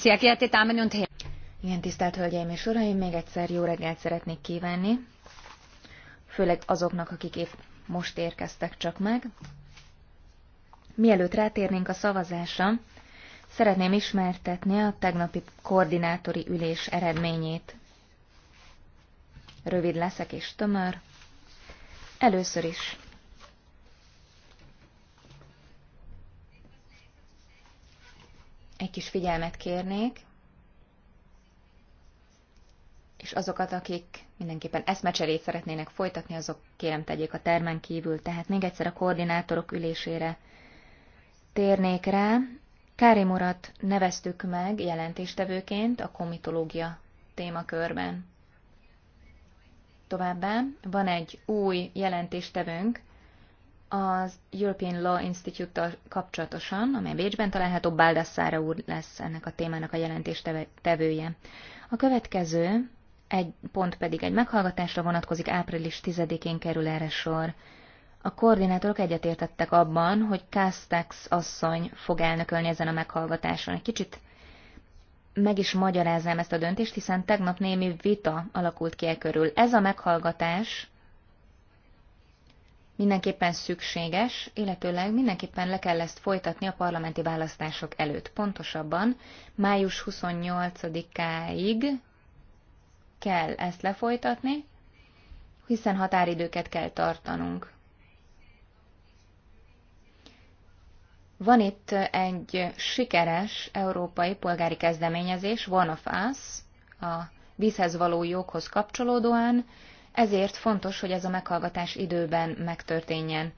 Sehr geehrte Damen und Herren! Igen, tisztelt Hölgyeim és Uraim, még egyszer jó reggelt szeretnék kívánni, főleg azoknak, akik épp most érkeztek csak meg. Mielőtt rátérnénk a szavazásra, szeretném ismertetni a tegnapi koordinátori ülés eredményét. Rövid leszek és tömör. Először is egy kis figyelmet kérnék, és azokat, akik mindenképpen eszmecserét szeretnének folytatni, azok kérem tegyék a termen kívül. Tehát még egyszer a koordinátorok ülésére térnék rá. Kárimurat urat neveztük meg jelentéstevőként a komitológia témakörben. Továbbá van egy új jelentéstevőnk, az European Law Institute-tal kapcsolatosan, amely Bécsben található, Baldassare úr lesz ennek a témának a jelentés tevője. A következő egy pont pedig egy meghallgatásra vonatkozik, április 10-én kerül erre sor. A koordinátorok egyetértettek abban, hogy Castex asszony fog elnökölni ezen a meghallgatáson. Egy kicsit meg is magyaráznám ezt a döntést, hiszen tegnap némi vita alakult ki e körül. Ez a meghallgatás mindenképpen szükséges, illetőleg mindenképpen le kell ezt folytatni a parlamenti választások előtt. Pontosabban május 28-áig kell ezt lefolytatni, hiszen határidőket kell tartanunk. Van itt egy sikeres európai polgári kezdeményezés, One of Us, a vízhez való joghoz kapcsolódóan, ezért fontos, hogy ez a meghallgatás időben megtörténjen.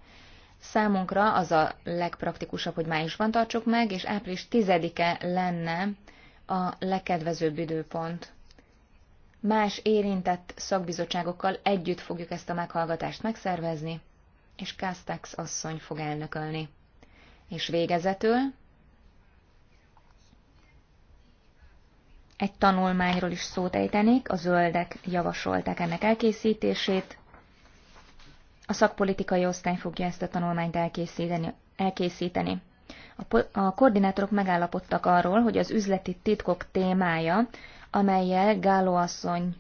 Számunkra az a legpraktikusabb, hogy májusban tartsuk meg, és április 10-e lenne a legkedvezőbb időpont. Más érintett szakbizottságokkal együtt fogjuk ezt a meghallgatást megszervezni, és Castex asszony fog elnökölni. És végezetül Egy tanulmányról is szót ejtenék, a zöldek javasolták ennek elkészítését. A szakpolitikai osztály fogja ezt a tanulmányt elkészíteni. elkészíteni. A, a koordinátorok megállapodtak arról, hogy az üzleti titkok témája, amelyel Gáló asszony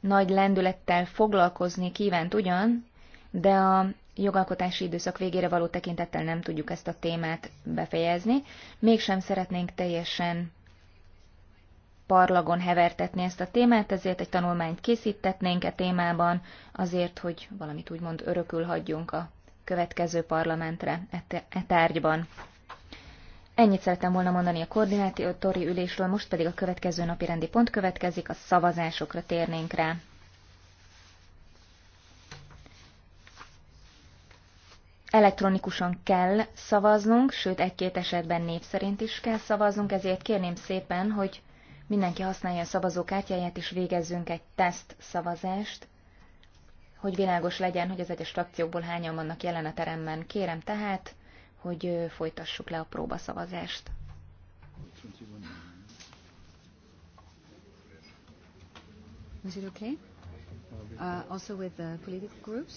nagy lendülettel foglalkozni kívánt ugyan, de a jogalkotási időszak végére való tekintettel nem tudjuk ezt a témát befejezni. Mégsem szeretnénk teljesen parlagon hevertetni ezt a témát, ezért egy tanulmányt készítetnénk e témában, azért, hogy valamit úgymond örökül hagyjunk a következő parlamentre e, e tárgyban. Ennyit szerettem volna mondani a koordinátori ülésről, most pedig a következő napi rendi pont következik, a szavazásokra térnénk rá. Elektronikusan kell szavaznunk, sőt egy-két esetben név szerint is kell szavaznunk, ezért kérném szépen, hogy mindenki használja a szavazókártyáját, és végezzünk egy teszt szavazást, hogy világos legyen, hogy az egyes frakciókból hányan vannak jelen a teremben. Kérem tehát, hogy folytassuk le a próbaszavazást. Is it okay? Uh, also with the political groups?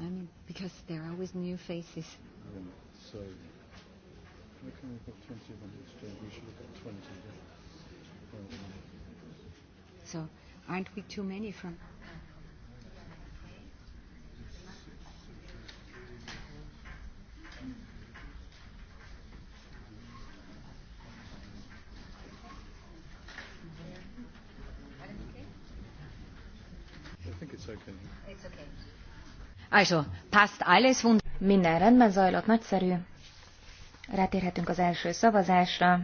I mean, because there are always new faces them. So, how can we put 20 on the exchange? We should have got 20. so, aren't we too many from? also passt alles wunderbar. Minden rendben zajlott, nagyszerű. Rátérhetünk az első szavazásra.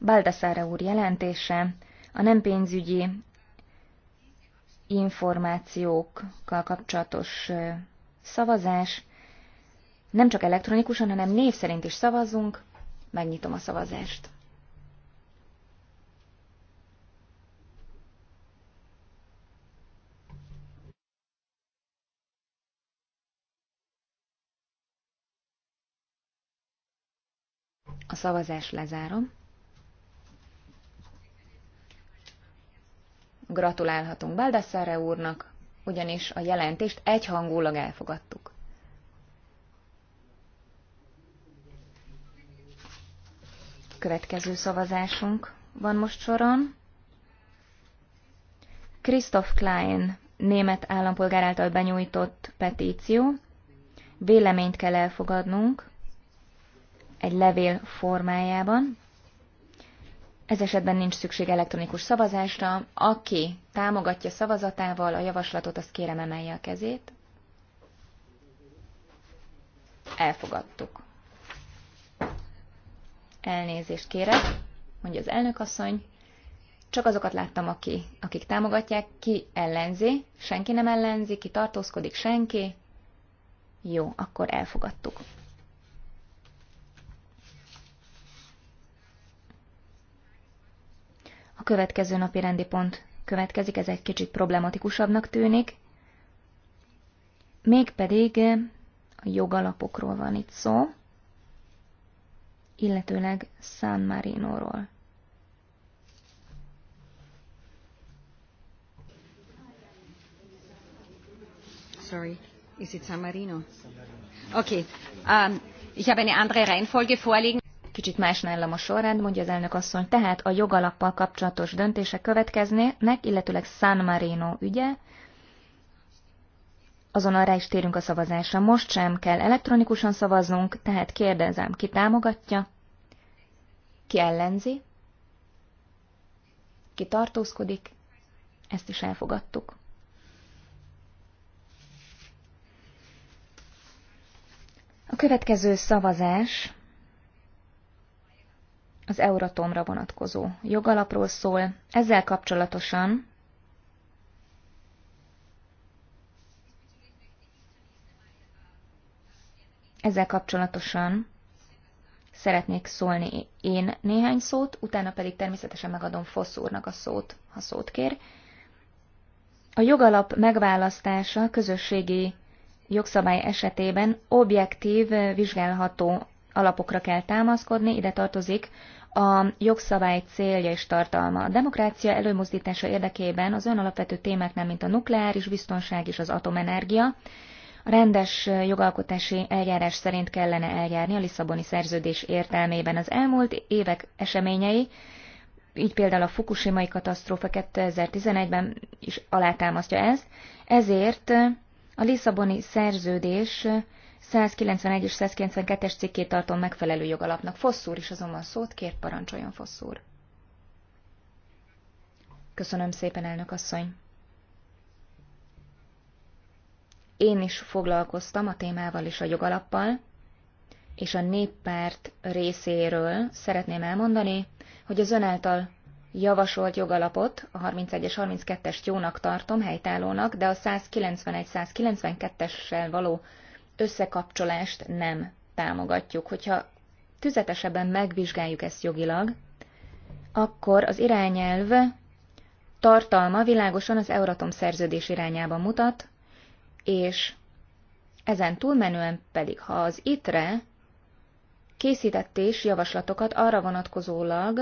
Baldassare úr jelentése a nem pénzügyi információkkal kapcsolatos szavazás. Nem csak elektronikusan, hanem név szerint is szavazunk. Megnyitom a szavazást. szavazást lezárom. Gratulálhatunk Baldassare úrnak, ugyanis a jelentést egyhangulag elfogadtuk. Következő szavazásunk van most soron. Christoph Klein német állampolgár által benyújtott petíció. Véleményt kell elfogadnunk egy levél formájában. Ez esetben nincs szükség elektronikus szavazásra. Aki támogatja szavazatával a javaslatot, azt kérem emelje a kezét. Elfogadtuk. Elnézést kérek, mondja az elnökasszony. Csak azokat láttam, aki, akik támogatják. Ki ellenzi? Senki nem ellenzi, ki tartózkodik? Senki? Jó, akkor elfogadtuk. A következő napi rendi pont következik, ez egy kicsit problematikusabbnak tűnik. Mégpedig eh, a jogalapokról van itt szó, illetőleg San Marino-ról. Sorry, is it San Marino? Okay, um, ich habe eine andere Reihenfolge vorliegen. Kicsit más nálam a sorrend, mondja az elnök asszony. Tehát a jogalappal kapcsolatos döntések következnek, illetőleg San Marino ügye. Azonnal rá is térünk a szavazásra. Most sem kell elektronikusan szavaznunk, tehát kérdezem, ki támogatja, ki ellenzi, ki tartózkodik, ezt is elfogadtuk. A következő szavazás az Euratomra vonatkozó jogalapról szól. Ezzel kapcsolatosan ezzel kapcsolatosan szeretnék szólni én néhány szót, utána pedig természetesen megadom Fossz úrnak a szót, ha szót kér. A jogalap megválasztása közösségi jogszabály esetében objektív, vizsgálható alapokra kell támaszkodni, ide tartozik a jogszabály célja és tartalma. A demokrácia előmozdítása érdekében az olyan alapvető témáknál, mint a nukleáris biztonság és az atomenergia, a rendes jogalkotási eljárás szerint kellene eljárni a Lisszaboni szerződés értelmében. Az elmúlt évek eseményei, így például a fukushimai katasztrófa 2011-ben is alátámasztja ezt, ezért a Lisszaboni szerződés 191 és 192-es cikkét tartom megfelelő jogalapnak. Fosszúr is azonban szót kért, parancsoljon Fosszúr. Köszönöm szépen, elnök asszony. Én is foglalkoztam a témával és a jogalappal, és a néppárt részéről szeretném elmondani, hogy az ön által javasolt jogalapot, a 31-es 32 es jónak tartom, helytállónak, de a 191-192-essel való összekapcsolást nem támogatjuk. Hogyha tüzetesebben megvizsgáljuk ezt jogilag, akkor az irányelv tartalma világosan az Euratom szerződés irányába mutat, és ezen túlmenően pedig, ha az ITRE készített és javaslatokat arra vonatkozólag,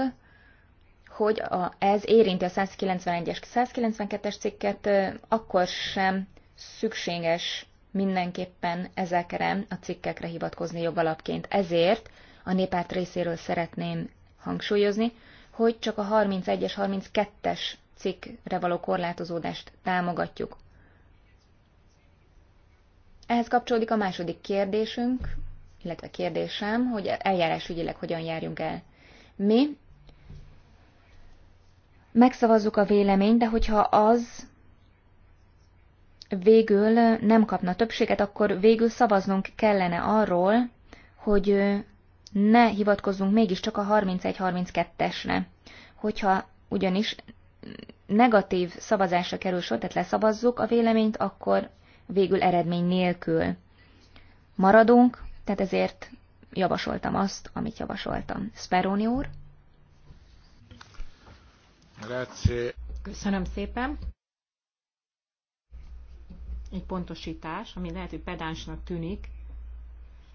hogy a, ez érinti a 191-es, 192-es cikket, akkor sem szükséges mindenképpen ezekre a cikkekre hivatkozni jogalapként. Ezért a népárt részéről szeretném hangsúlyozni, hogy csak a 31-es, 32-es cikkre való korlátozódást támogatjuk. Ehhez kapcsolódik a második kérdésünk, illetve kérdésem, hogy eljárásügyileg hogyan járjunk el. Mi megszavazzuk a véleményt, de hogyha az végül nem kapna többséget, akkor végül szavaznunk kellene arról, hogy ne hivatkozzunk mégiscsak a 31-32-esre. Hogyha ugyanis negatív szavazásra kerül sor, tehát leszavazzuk a véleményt, akkor végül eredmény nélkül maradunk, tehát ezért javasoltam azt, amit javasoltam. Speroni úr? Grazie. Köszönöm szépen egy pontosítás, ami lehet, hogy pedánsnak tűnik,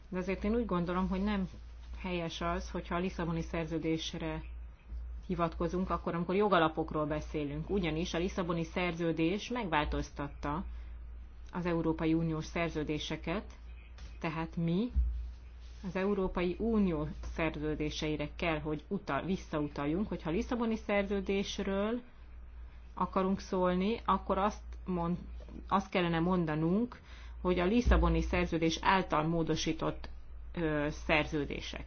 de azért én úgy gondolom, hogy nem helyes az, hogyha a Lisszaboni szerződésre hivatkozunk, akkor, amikor jogalapokról beszélünk. Ugyanis a Lisszaboni szerződés megváltoztatta az Európai Uniós szerződéseket, tehát mi az Európai Unió szerződéseire kell, hogy utal, visszautaljunk, hogyha a Lisszaboni szerződésről akarunk szólni, akkor azt mond, azt kellene mondanunk, hogy a Lisszaboni szerződés által módosított ö, szerződések.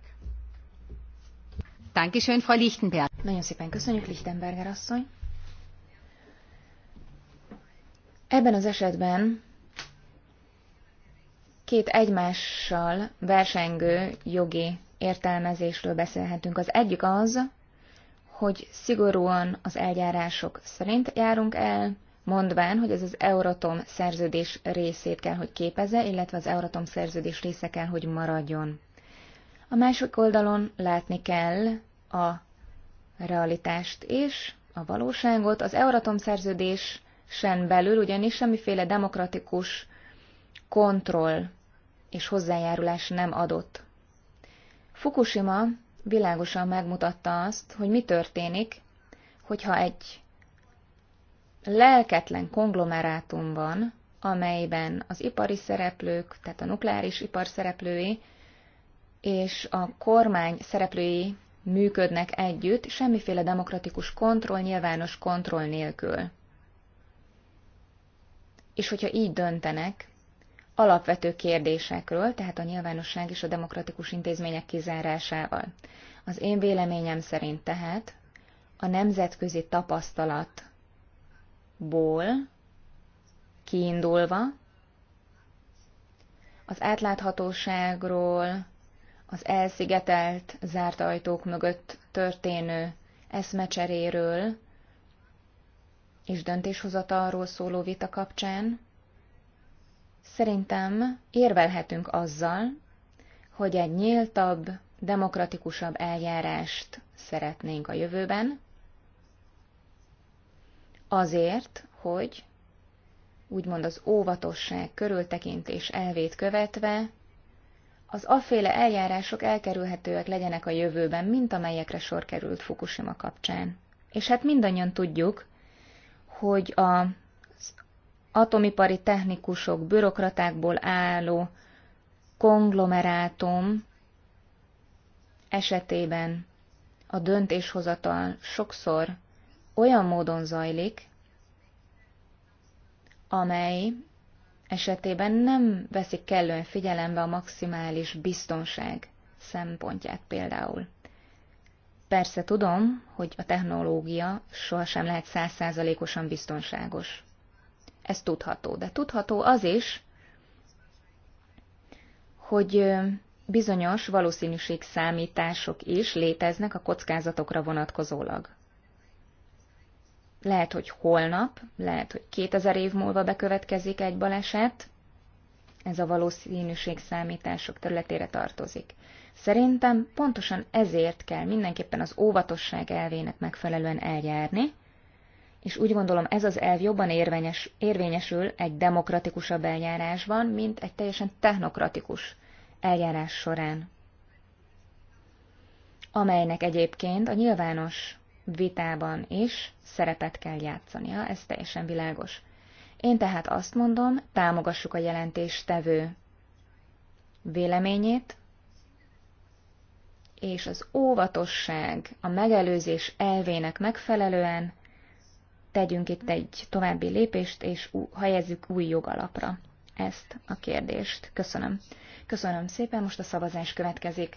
Dankeschön, Frau Lichtenberg. Nagyon szépen köszönjük, Lichtenberger asszony. Ebben az esetben két egymással versengő jogi értelmezésről beszélhetünk. Az egyik az, hogy szigorúan az eljárások szerint járunk el, mondván, hogy ez az Euratom szerződés részét kell, hogy képeze, illetve az Euratom szerződés része kell, hogy maradjon. A másik oldalon látni kell a realitást és a valóságot. Az Euratom szerződés sen belül ugyanis semmiféle demokratikus kontroll és hozzájárulás nem adott. Fukushima világosan megmutatta azt, hogy mi történik, hogyha egy lelketlen konglomerátum van, amelyben az ipari szereplők, tehát a nukleáris ipar szereplői és a kormány szereplői működnek együtt, semmiféle demokratikus kontroll, nyilvános kontroll nélkül. És hogyha így döntenek, alapvető kérdésekről, tehát a nyilvánosság és a demokratikus intézmények kizárásával. Az én véleményem szerint tehát a nemzetközi tapasztalat ból kiindulva az átláthatóságról, az elszigetelt zárt ajtók mögött történő eszmecseréről és döntéshozatalról szóló vita kapcsán, szerintem érvelhetünk azzal, hogy egy nyíltabb, demokratikusabb eljárást szeretnénk a jövőben, azért, hogy úgymond az óvatosság, körültekintés elvét követve, az aféle eljárások elkerülhetőek legyenek a jövőben, mint amelyekre sor került Fukushima kapcsán. És hát mindannyian tudjuk, hogy a atomipari technikusok, bürokratákból álló konglomerátum esetében a döntéshozatal sokszor olyan módon zajlik, amely esetében nem veszik kellően figyelembe a maximális biztonság szempontját például. Persze tudom, hogy a technológia sohasem lehet százszázalékosan biztonságos. Ez tudható, de tudható az is, hogy bizonyos valószínűség számítások is léteznek a kockázatokra vonatkozólag lehet, hogy holnap, lehet, hogy 2000 év múlva bekövetkezik egy baleset, ez a valószínűség számítások területére tartozik. Szerintem pontosan ezért kell mindenképpen az óvatosság elvének megfelelően eljárni, és úgy gondolom ez az elv jobban érvényes, érvényesül egy demokratikusabb eljárásban, mint egy teljesen technokratikus eljárás során, amelynek egyébként a nyilvános vitában is szerepet kell játszania, ez teljesen világos. Én tehát azt mondom, támogassuk a jelentéstevő véleményét, és az óvatosság, a megelőzés elvének megfelelően tegyünk itt egy további lépést, és helyezzük új jogalapra ezt a kérdést. Köszönöm. Köszönöm szépen, most a szavazás következik.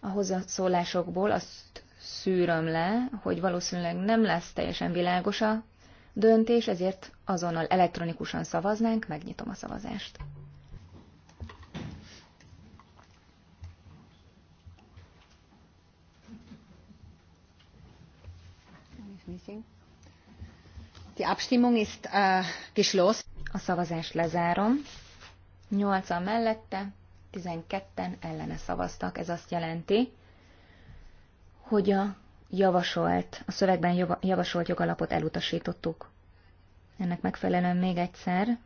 A hozzászólásokból azt szűröm le, hogy valószínűleg nem lesz teljesen világos a döntés, ezért azonnal elektronikusan szavaznánk, megnyitom a szavazást. Die Abstimmung ist uh, geschlossen. A szavazást lezárom. 8 mellette, 12-en ellene szavaztak. Ez azt jelenti, hogy a javasolt, a szövegben javasolt jogalapot elutasítottuk. Ennek megfelelően még egyszer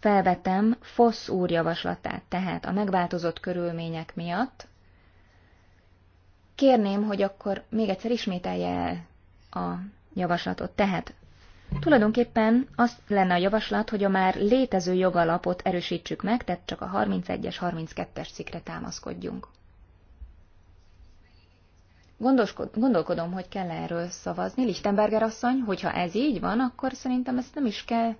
felvetem Fosz úr javaslatát, tehát a megváltozott körülmények miatt. Kérném, hogy akkor még egyszer ismételje el a javaslatot. Tehát tulajdonképpen az lenne a javaslat, hogy a már létező jogalapot erősítsük meg, tehát csak a 31-es, 32-es cikre támaszkodjunk gondolkodom, hogy kell erről szavazni. Lichtenberger asszony, hogyha ez így van, akkor szerintem ezt nem is kell,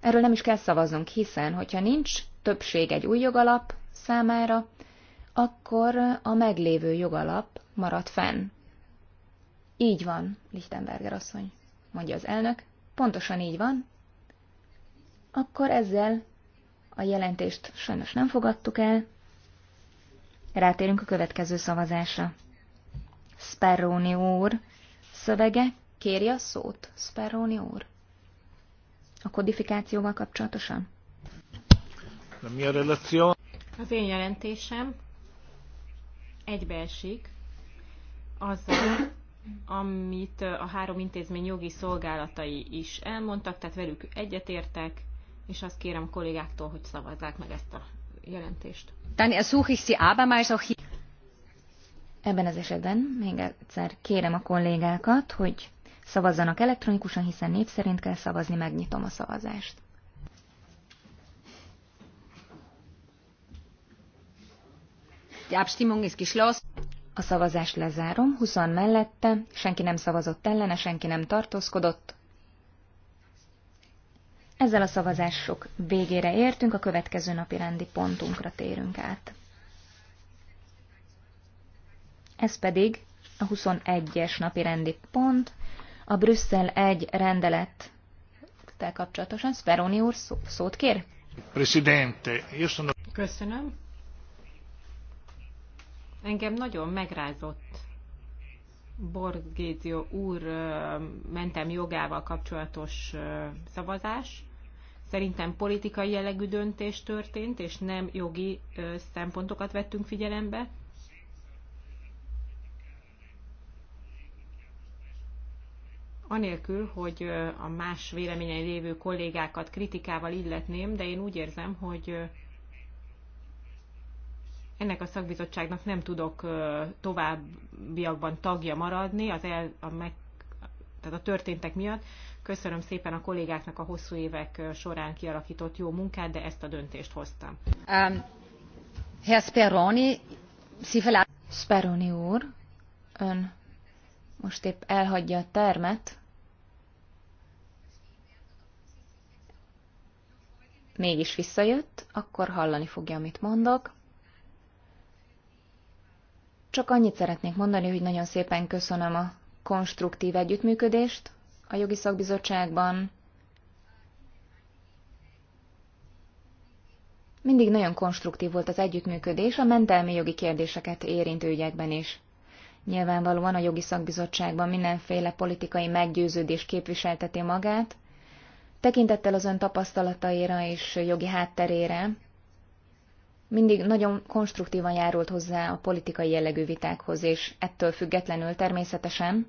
erről nem is kell szavaznunk, hiszen hogyha nincs többség egy új jogalap számára, akkor a meglévő jogalap marad fenn. Így van, Lichtenberger asszony, mondja az elnök. Pontosan így van. Akkor ezzel a jelentést sajnos nem fogadtuk el. Rátérünk a következő szavazásra. Speroni úr szövege. Kéri a szót, Speroni úr? A kodifikációval kapcsolatosan? De mi a reláció? Az én jelentésem egybeesik azzal, amit a három intézmény jogi szolgálatai is elmondtak, tehát velük egyetértek, és azt kérem a kollégáktól, hogy szavazzák meg ezt a jelentést. Dann ersuche ich Sie abermals auch hier. Ebben az esetben még egyszer kérem a kollégákat, hogy szavazzanak elektronikusan, hiszen név szerint kell szavazni, megnyitom a szavazást. Die Abstimmung ist geschlossen. A szavazást lezárom, 20 mellette, senki nem szavazott ellene, senki nem tartózkodott. Ezzel a szavazások végére értünk, a következő napi rendi pontunkra térünk át. Ez pedig a 21-es napi rendi pont, a Brüsszel egy rendelet kapcsolatosan. Speroni úr szó, szót kér? Presidente, io sono... Köszönöm. Engem nagyon megrázott Borgézió úr mentem jogával kapcsolatos szavazás. Szerintem politikai jellegű döntés történt, és nem jogi szempontokat vettünk figyelembe. anélkül, hogy a más véleményei lévő kollégákat kritikával illetném, de én úgy érzem, hogy ennek a szakbizottságnak nem tudok továbbiakban tagja maradni az el, a meg, tehát a történtek miatt. Köszönöm szépen a kollégáknak a hosszú évek során kialakított jó munkát, de ezt a döntést hoztam. Um, Herr Speroni, Sperroni úr, ön most épp elhagyja a termet, mégis visszajött, akkor hallani fogja, amit mondok. Csak annyit szeretnék mondani, hogy nagyon szépen köszönöm a konstruktív együttműködést a jogi szakbizottságban. Mindig nagyon konstruktív volt az együttműködés a mentelmi jogi kérdéseket érintő ügyekben is. Nyilvánvalóan a jogi szakbizottságban mindenféle politikai meggyőződés képviselteti magát, Tekintettel az ön tapasztalataira és jogi hátterére, mindig nagyon konstruktívan járult hozzá a politikai jellegű vitákhoz, és ettől függetlenül természetesen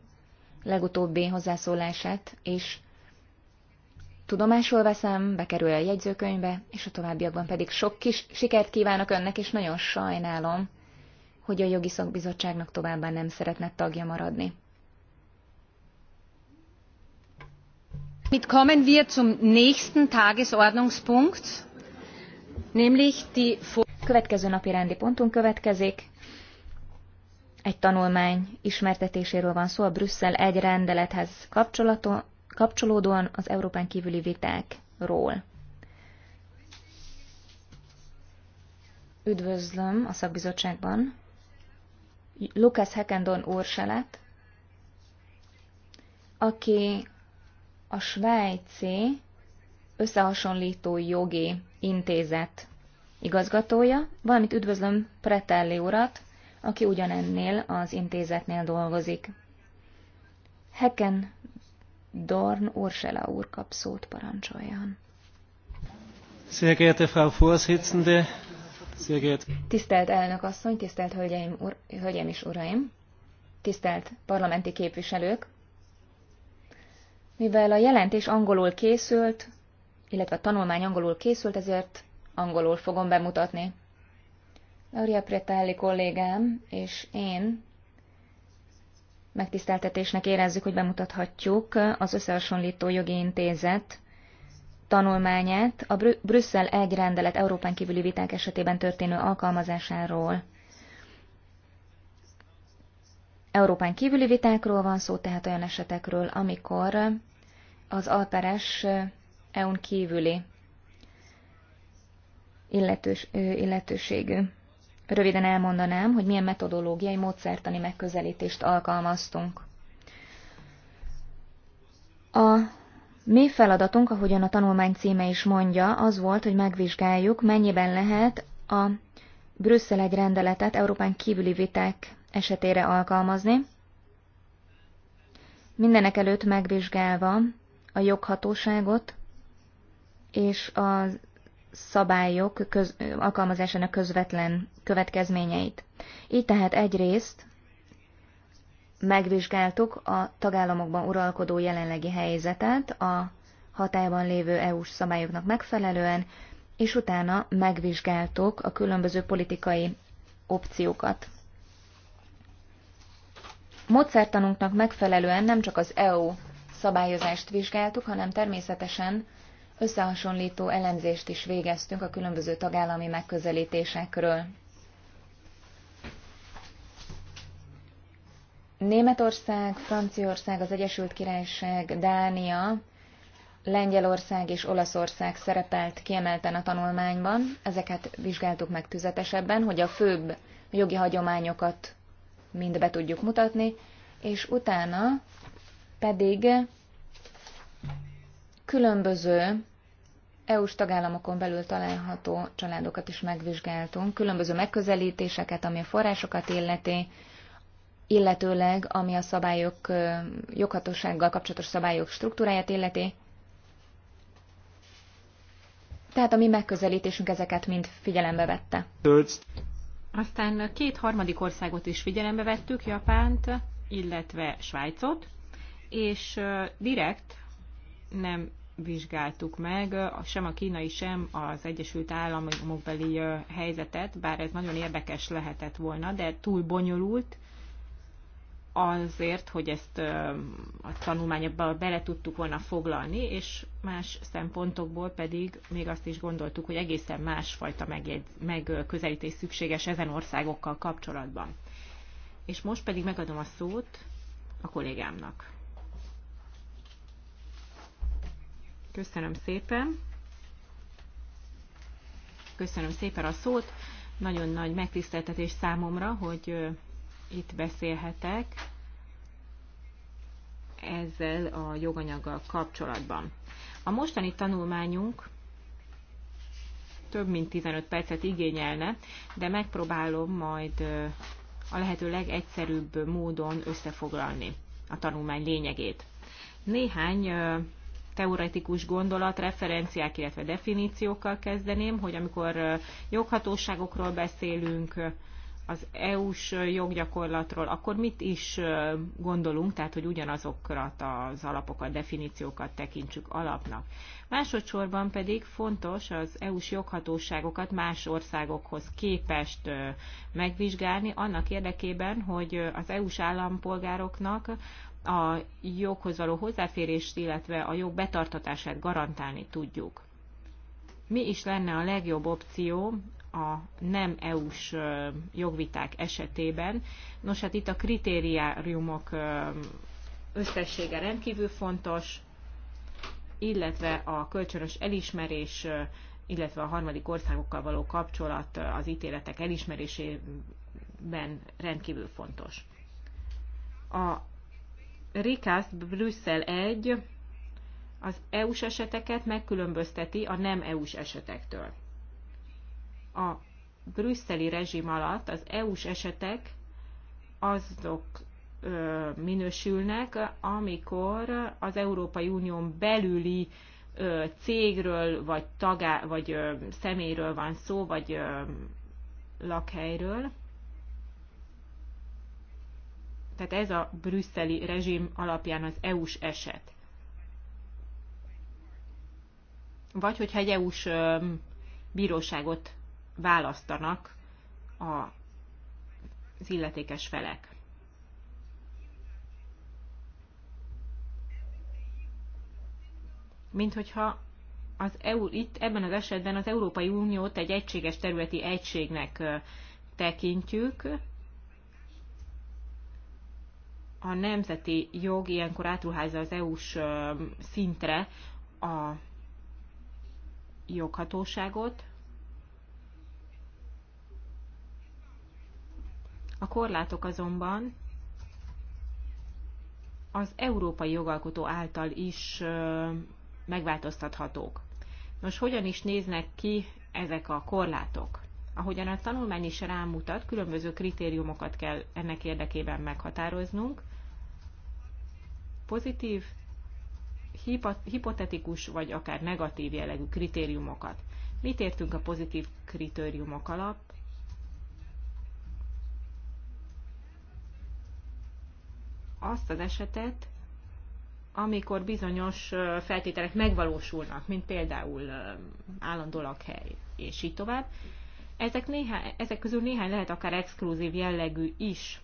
legutóbbi hozzászólását és tudomásul veszem, bekerül a jegyzőkönyvbe, és a továbbiakban pedig sok kis sikert kívánok önnek, és nagyon sajnálom, hogy a jogi szakbizottságnak továbbá nem szeretne tagja maradni. Mit kommen wir zum nächsten Tagesordnungspunkt, nämlich die Következő napi rendi pontunk következik. Egy tanulmány ismertetéséről van szó a Brüsszel egy rendelethez kapcsolódóan az Európán kívüli vitákról. Üdvözlöm a szakbizottságban Lukasz Hekendon Urselet, aki a svájci összehasonlító jogi intézet igazgatója, valamint üdvözlöm Pretelli urat, aki ugyanennél az intézetnél dolgozik. Heken Dorn Ursela úr kap szót parancsoljon. Sehr geehrte Frau Vorsitzende, sehr geehrte... Tisztelt elnök asszony, tisztelt hölgyeim, ur, hölgyeim és uraim, tisztelt parlamenti képviselők, mivel a jelentés angolul készült, illetve a tanulmány angolul készült, ezért angolul fogom bemutatni. Aurea Pretelli kollégám és én megtiszteltetésnek érezzük, hogy bemutathatjuk az összehasonlító jogi intézet tanulmányát a Brüsszel egy rendelet Európán kívüli viták esetében történő alkalmazásáról. Európán kívüli vitákról van szó, tehát olyan esetekről, amikor az alperes EU-n kívüli illetős, illetőségű. Röviden elmondanám, hogy milyen metodológiai, módszertani megközelítést alkalmaztunk. A mi feladatunk, ahogyan a tanulmány címe is mondja, az volt, hogy megvizsgáljuk, mennyiben lehet a Brüsszel egy rendeletet Európán kívüli viták esetére alkalmazni, mindenek előtt megvizsgálva a joghatóságot és a szabályok köz, alkalmazásának közvetlen következményeit. Így tehát egyrészt megvizsgáltuk a tagállamokban uralkodó jelenlegi helyzetet a hatályban lévő EU-s szabályoknak megfelelően, és utána megvizsgáltuk a különböző politikai opciókat. Módszertanunknak megfelelően nem csak az EU szabályozást vizsgáltuk, hanem természetesen összehasonlító elemzést is végeztünk a különböző tagállami megközelítésekről. Németország, Franciaország, az Egyesült Királyság, Dánia, Lengyelország és Olaszország szerepelt kiemelten a tanulmányban. Ezeket vizsgáltuk meg tüzetesebben, hogy a főbb jogi hagyományokat mind be tudjuk mutatni, és utána pedig különböző EU-s tagállamokon belül található családokat is megvizsgáltunk, különböző megközelítéseket, ami a forrásokat illeti, illetőleg ami a szabályok, joghatósággal kapcsolatos szabályok struktúráját illeti. Tehát a mi megközelítésünk ezeket mind figyelembe vette. Aztán két harmadik országot is figyelembe vettük, Japánt, illetve Svájcot, és direkt nem vizsgáltuk meg sem a kínai, sem az Egyesült Államokbeli helyzetet, bár ez nagyon érdekes lehetett volna, de túl bonyolult, azért, hogy ezt a tanulmányokba bele tudtuk volna foglalni, és más szempontokból pedig még azt is gondoltuk, hogy egészen másfajta megközelítés szükséges ezen országokkal kapcsolatban. És most pedig megadom a szót a kollégámnak. Köszönöm szépen. Köszönöm szépen a szót. Nagyon nagy megtiszteltetés számomra, hogy itt beszélhetek ezzel a joganyaggal kapcsolatban. A mostani tanulmányunk több mint 15 percet igényelne, de megpróbálom majd a lehető legegyszerűbb módon összefoglalni a tanulmány lényegét. Néhány teoretikus gondolat, referenciák, illetve definíciókkal kezdeném, hogy amikor joghatóságokról beszélünk, az EU-s joggyakorlatról, akkor mit is gondolunk, tehát hogy ugyanazokat az alapokat, definíciókat tekintsük alapnak. Másodszorban pedig fontos az EU-s joghatóságokat más országokhoz képest megvizsgálni, annak érdekében, hogy az EU-s állampolgároknak a joghoz való hozzáférést, illetve a jog betartatását garantálni tudjuk mi is lenne a legjobb opció a nem EU-s jogviták esetében. Nos, hát itt a kritériumok összessége rendkívül fontos, illetve a kölcsönös elismerés, illetve a harmadik országokkal való kapcsolat az ítéletek elismerésében rendkívül fontos. A rikász Brüsszel 1 az EU-s eseteket megkülönbözteti a nem EU-s esetektől a brüsszeli rezsim alatt az EU-s esetek azok minősülnek, amikor az Európai Unión belüli cégről, vagy, tagá, vagy személyről van szó, vagy lakhelyről. Tehát ez a brüsszeli rezsim alapján az EU-s eset. Vagy hogyha egy EU-s bíróságot választanak a, az illetékes felek. Mint hogyha az EU, itt ebben az esetben az Európai Uniót egy egységes területi egységnek tekintjük, a nemzeti jog ilyenkor átruházza az EU-s szintre a joghatóságot, A korlátok azonban az európai jogalkotó által is megváltoztathatók. Nos, hogyan is néznek ki ezek a korlátok? Ahogyan a tanulmány is rámutat, különböző kritériumokat kell ennek érdekében meghatároznunk. Pozitív, hipotetikus vagy akár negatív jellegű kritériumokat. Mit értünk a pozitív kritériumok alatt? azt az esetet, amikor bizonyos feltételek megvalósulnak, mint például állandó lakhely, és így tovább. Ezek, néhá, ezek közül néhány lehet akár exkluzív jellegű is.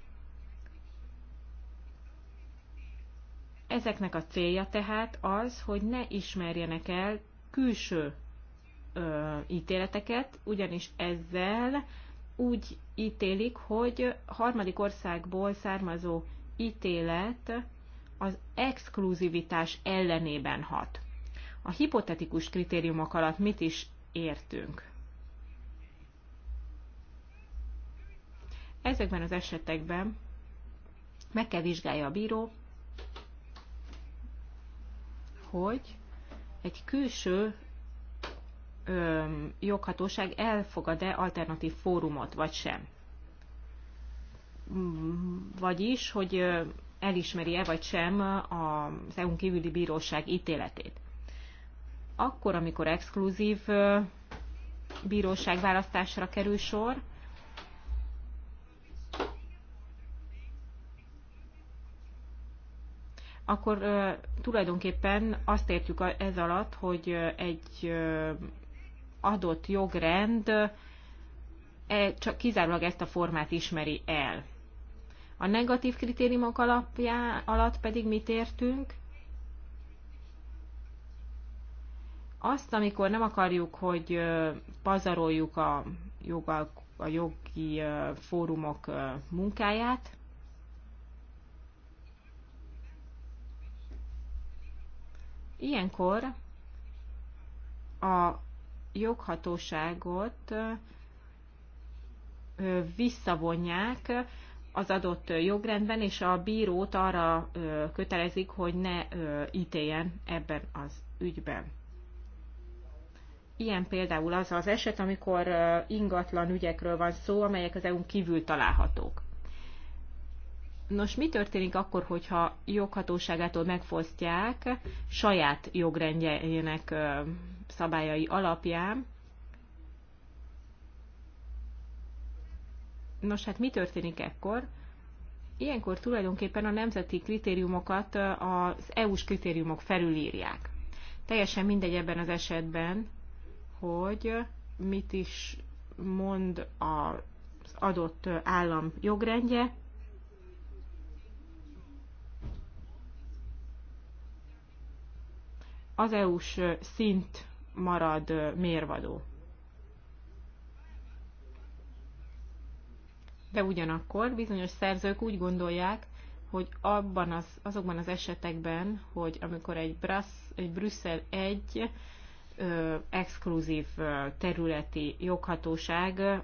Ezeknek a célja tehát az, hogy ne ismerjenek el külső ö, ítéleteket, ugyanis ezzel úgy ítélik, hogy harmadik országból származó ítélet az exkluzivitás ellenében hat. A hipotetikus kritériumok alatt mit is értünk? Ezekben az esetekben meg kell vizsgálja a bíró, hogy egy külső ö, joghatóság elfogad-e alternatív fórumot, vagy sem vagyis, hogy elismeri-e vagy sem az EU-n kívüli bíróság ítéletét. Akkor, amikor exkluzív bíróság választásra kerül sor, akkor ö, tulajdonképpen azt értjük ez alatt, hogy egy ö, adott jogrend ö, e, csak kizárólag ezt a formát ismeri el. A negatív kritériumok alapján, alatt pedig mit értünk? Azt, amikor nem akarjuk, hogy pazaroljuk a, joga, a jogi fórumok munkáját, Ilyenkor a joghatóságot visszavonják az adott jogrendben, és a bírót arra kötelezik, hogy ne ítéljen ebben az ügyben. Ilyen például az az eset, amikor ingatlan ügyekről van szó, amelyek az EU-n kívül találhatók. Nos, mi történik akkor, hogyha joghatóságától megfosztják saját jogrendjének szabályai alapján, Nos, hát mi történik ekkor? Ilyenkor tulajdonképpen a nemzeti kritériumokat az EU-s kritériumok felülírják. Teljesen mindegy ebben az esetben, hogy mit is mond az adott állam jogrendje, az EU-s szint marad mérvadó. De ugyanakkor bizonyos szerzők úgy gondolják, hogy abban az, azokban az esetekben, hogy amikor egy, Brass, egy Brüsszel egy ö, exkluzív ö, területi joghatóság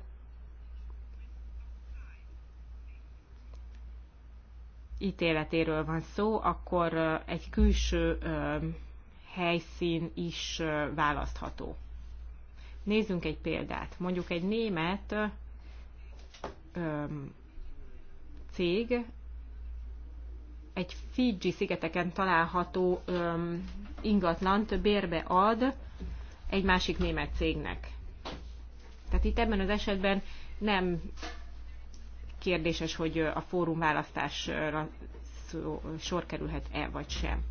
ítéletéről van szó, akkor ö, egy külső ö, helyszín is ö, választható. Nézzünk egy példát. Mondjuk egy német cég egy Fiji szigeteken található ingatlant bérbe ad egy másik német cégnek. Tehát itt ebben az esetben nem kérdéses, hogy a fórum választásra sor kerülhet-e vagy sem.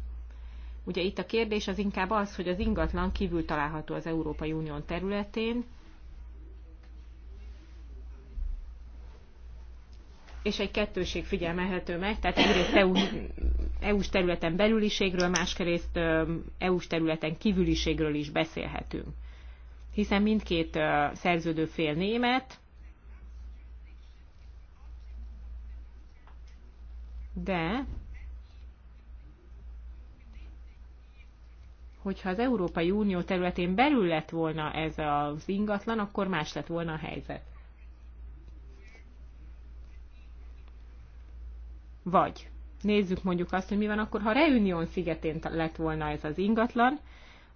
Ugye itt a kérdés az inkább az, hogy az ingatlan kívül található az Európai Unión területén, és egy kettőség figyelmelhető meg, tehát egyrészt EU, eu területen belüliségről, másrészt EU-s területen kívüliségről is beszélhetünk. Hiszen mindkét szerződő fél német, de hogyha az Európai Unió területén belül lett volna ez az ingatlan, akkor más lett volna a helyzet. Vagy nézzük mondjuk azt, hogy mi van akkor, ha Reunion szigetén lett volna ez az ingatlan,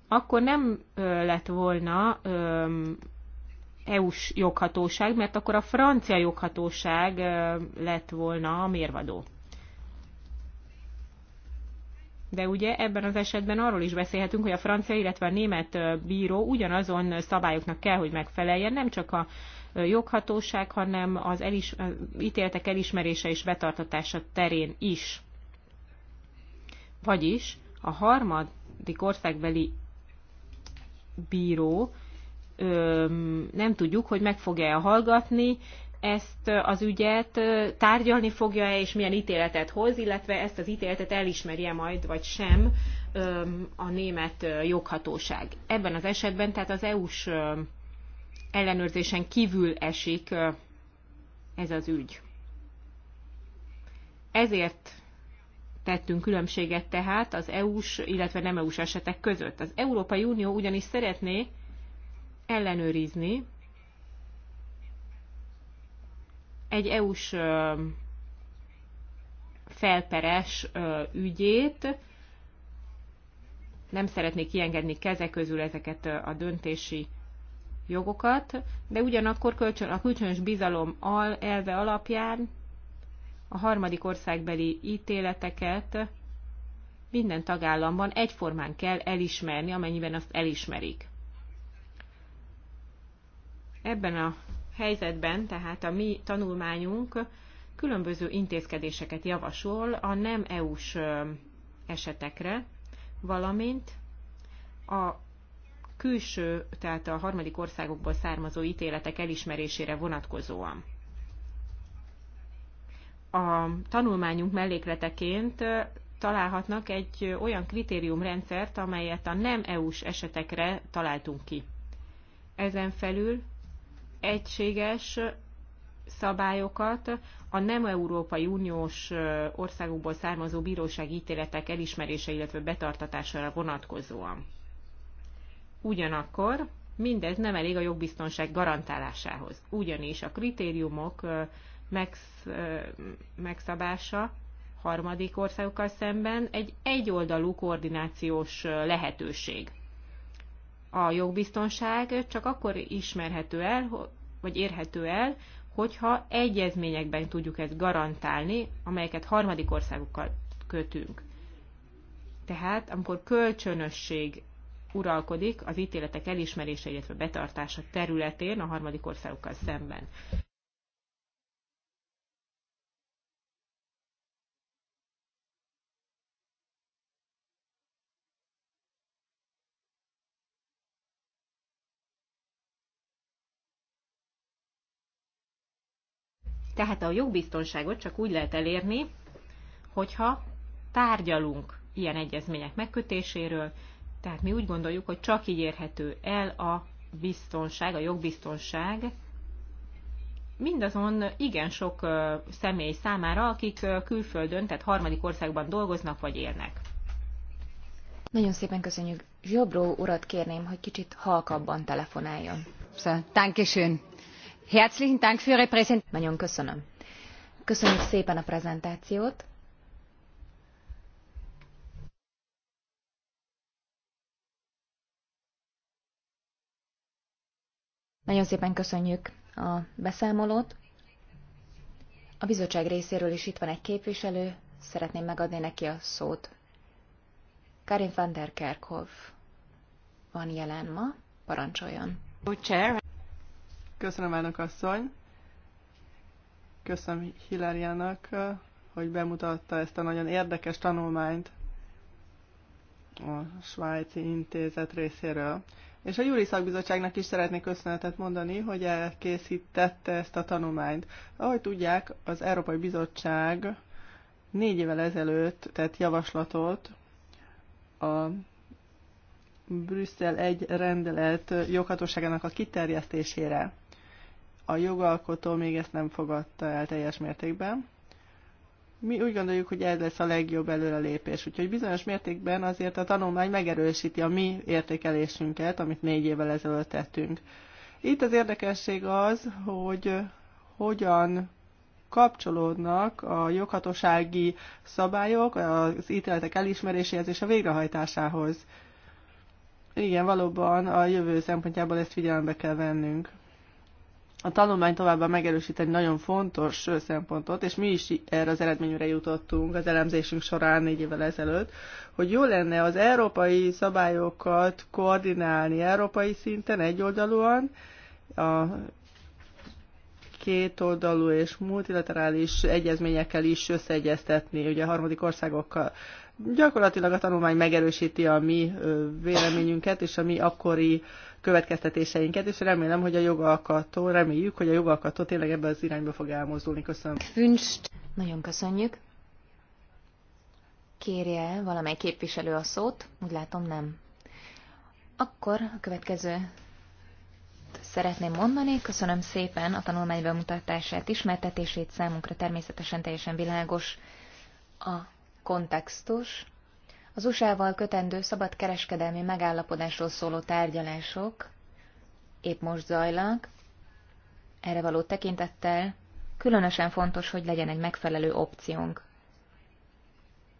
akkor nem lett volna EU-s joghatóság, mert akkor a francia joghatóság lett volna a mérvadó. De ugye ebben az esetben arról is beszélhetünk, hogy a francia, illetve a német bíró ugyanazon szabályoknak kell, hogy megfeleljen, nem csak a joghatóság, hanem az elis, ítéltek elismerése és betartatása terén is. Vagyis a harmadik országbeli bíró nem tudjuk, hogy meg fogja-e hallgatni ezt az ügyet, tárgyalni fogja-e, és milyen ítéletet hoz, illetve ezt az ítéletet elismerje majd, vagy sem a német joghatóság. Ebben az esetben tehát az EU-s ellenőrzésen kívül esik ez az ügy. Ezért tettünk különbséget tehát az EU-s, illetve nem EU-s esetek között. Az Európai Unió ugyanis szeretné ellenőrizni egy EU-s felperes ügyét, nem szeretnék kiengedni keze közül ezeket a döntési jogokat, de ugyanakkor kölcsön, a kölcsönös bizalom al, elve alapján a harmadik országbeli ítéleteket minden tagállamban egyformán kell elismerni, amennyiben azt elismerik. Ebben a helyzetben tehát a mi tanulmányunk különböző intézkedéseket javasol a nem EU-s esetekre, valamint a külső, tehát a harmadik országokból származó ítéletek elismerésére vonatkozóan. A tanulmányunk mellékleteként találhatnak egy olyan kritériumrendszert, amelyet a nem EU-s esetekre találtunk ki. Ezen felül egységes szabályokat a nem Európai Uniós országokból származó bírósági ítéletek elismerése, illetve betartatására vonatkozóan. Ugyanakkor mindez nem elég a jogbiztonság garantálásához, ugyanis a kritériumok megsz, megszabása harmadik országokkal szemben egy egyoldalú koordinációs lehetőség. A jogbiztonság csak akkor ismerhető el, vagy érhető el, hogyha egyezményekben tudjuk ezt garantálni, amelyeket harmadik országokkal kötünk. Tehát, amikor kölcsönösség uralkodik az ítéletek elismerése, illetve betartása területén a harmadik országokkal szemben. Tehát a jogbiztonságot csak úgy lehet elérni, hogyha tárgyalunk ilyen egyezmények megkötéséről, tehát mi úgy gondoljuk, hogy csak így érhető el a biztonság, a jogbiztonság, mindazon igen sok személy számára, akik külföldön, tehát harmadik országban dolgoznak vagy élnek. Nagyon szépen köszönjük. Zsobró urat kérném, hogy kicsit halkabban telefonáljon. Szóval, dankeschön. Herzlichen Dank für Ihre Präsentation. Nagyon köszönöm. Köszönjük szépen a prezentációt. Nagyon szépen köszönjük a beszámolót. A bizottság részéről is itt van egy képviselő, szeretném megadni neki a szót. Karin van der Kerkhoff van jelen ma, parancsoljon. Köszönöm, elnök asszony. Köszönöm Hilariának, hogy bemutatta ezt a nagyon érdekes tanulmányt a Svájci Intézet részéről. És a Júri Szakbizottságnak is szeretnék köszönetet mondani, hogy elkészítette ezt a tanulmányt. Ahogy tudják, az Európai Bizottság négy évvel ezelőtt tett javaslatot a Brüsszel egy rendelet joghatóságának a kiterjesztésére. A jogalkotó még ezt nem fogadta el teljes mértékben, mi úgy gondoljuk, hogy ez lesz a legjobb előrelépés. Úgyhogy bizonyos mértékben azért a tanulmány megerősíti a mi értékelésünket, amit négy évvel ezelőtt tettünk. Itt az érdekesség az, hogy hogyan kapcsolódnak a joghatósági szabályok az ítéletek elismeréséhez és a végrehajtásához. Igen, valóban a jövő szempontjából ezt figyelembe kell vennünk. A tanulmány továbbá megerősít egy nagyon fontos szempontot, és mi is erre az eredményre jutottunk az elemzésünk során négy évvel ezelőtt, hogy jó lenne az európai szabályokat koordinálni európai szinten egyoldalúan, a kétoldalú és multilaterális egyezményekkel is összeegyeztetni, ugye a harmadik országokkal. Gyakorlatilag a tanulmány megerősíti a mi véleményünket és a mi akkori uh, következtetéseinket, és remélem, hogy a jogalkató, reméljük, hogy a jogalkató tényleg ebbe az irányba fog elmozdulni. Köszönöm. Fünst. Nagyon köszönjük. Kérje valamely képviselő a szót? Úgy látom, nem. Akkor a következő szeretném mondani. Köszönöm szépen a tanulmány bemutatását, ismertetését számunkra természetesen teljesen világos a kontextus, az USA-val kötendő szabadkereskedelmi megállapodásról szóló tárgyalások épp most zajlanak. Erre való tekintettel különösen fontos, hogy legyen egy megfelelő opciónk.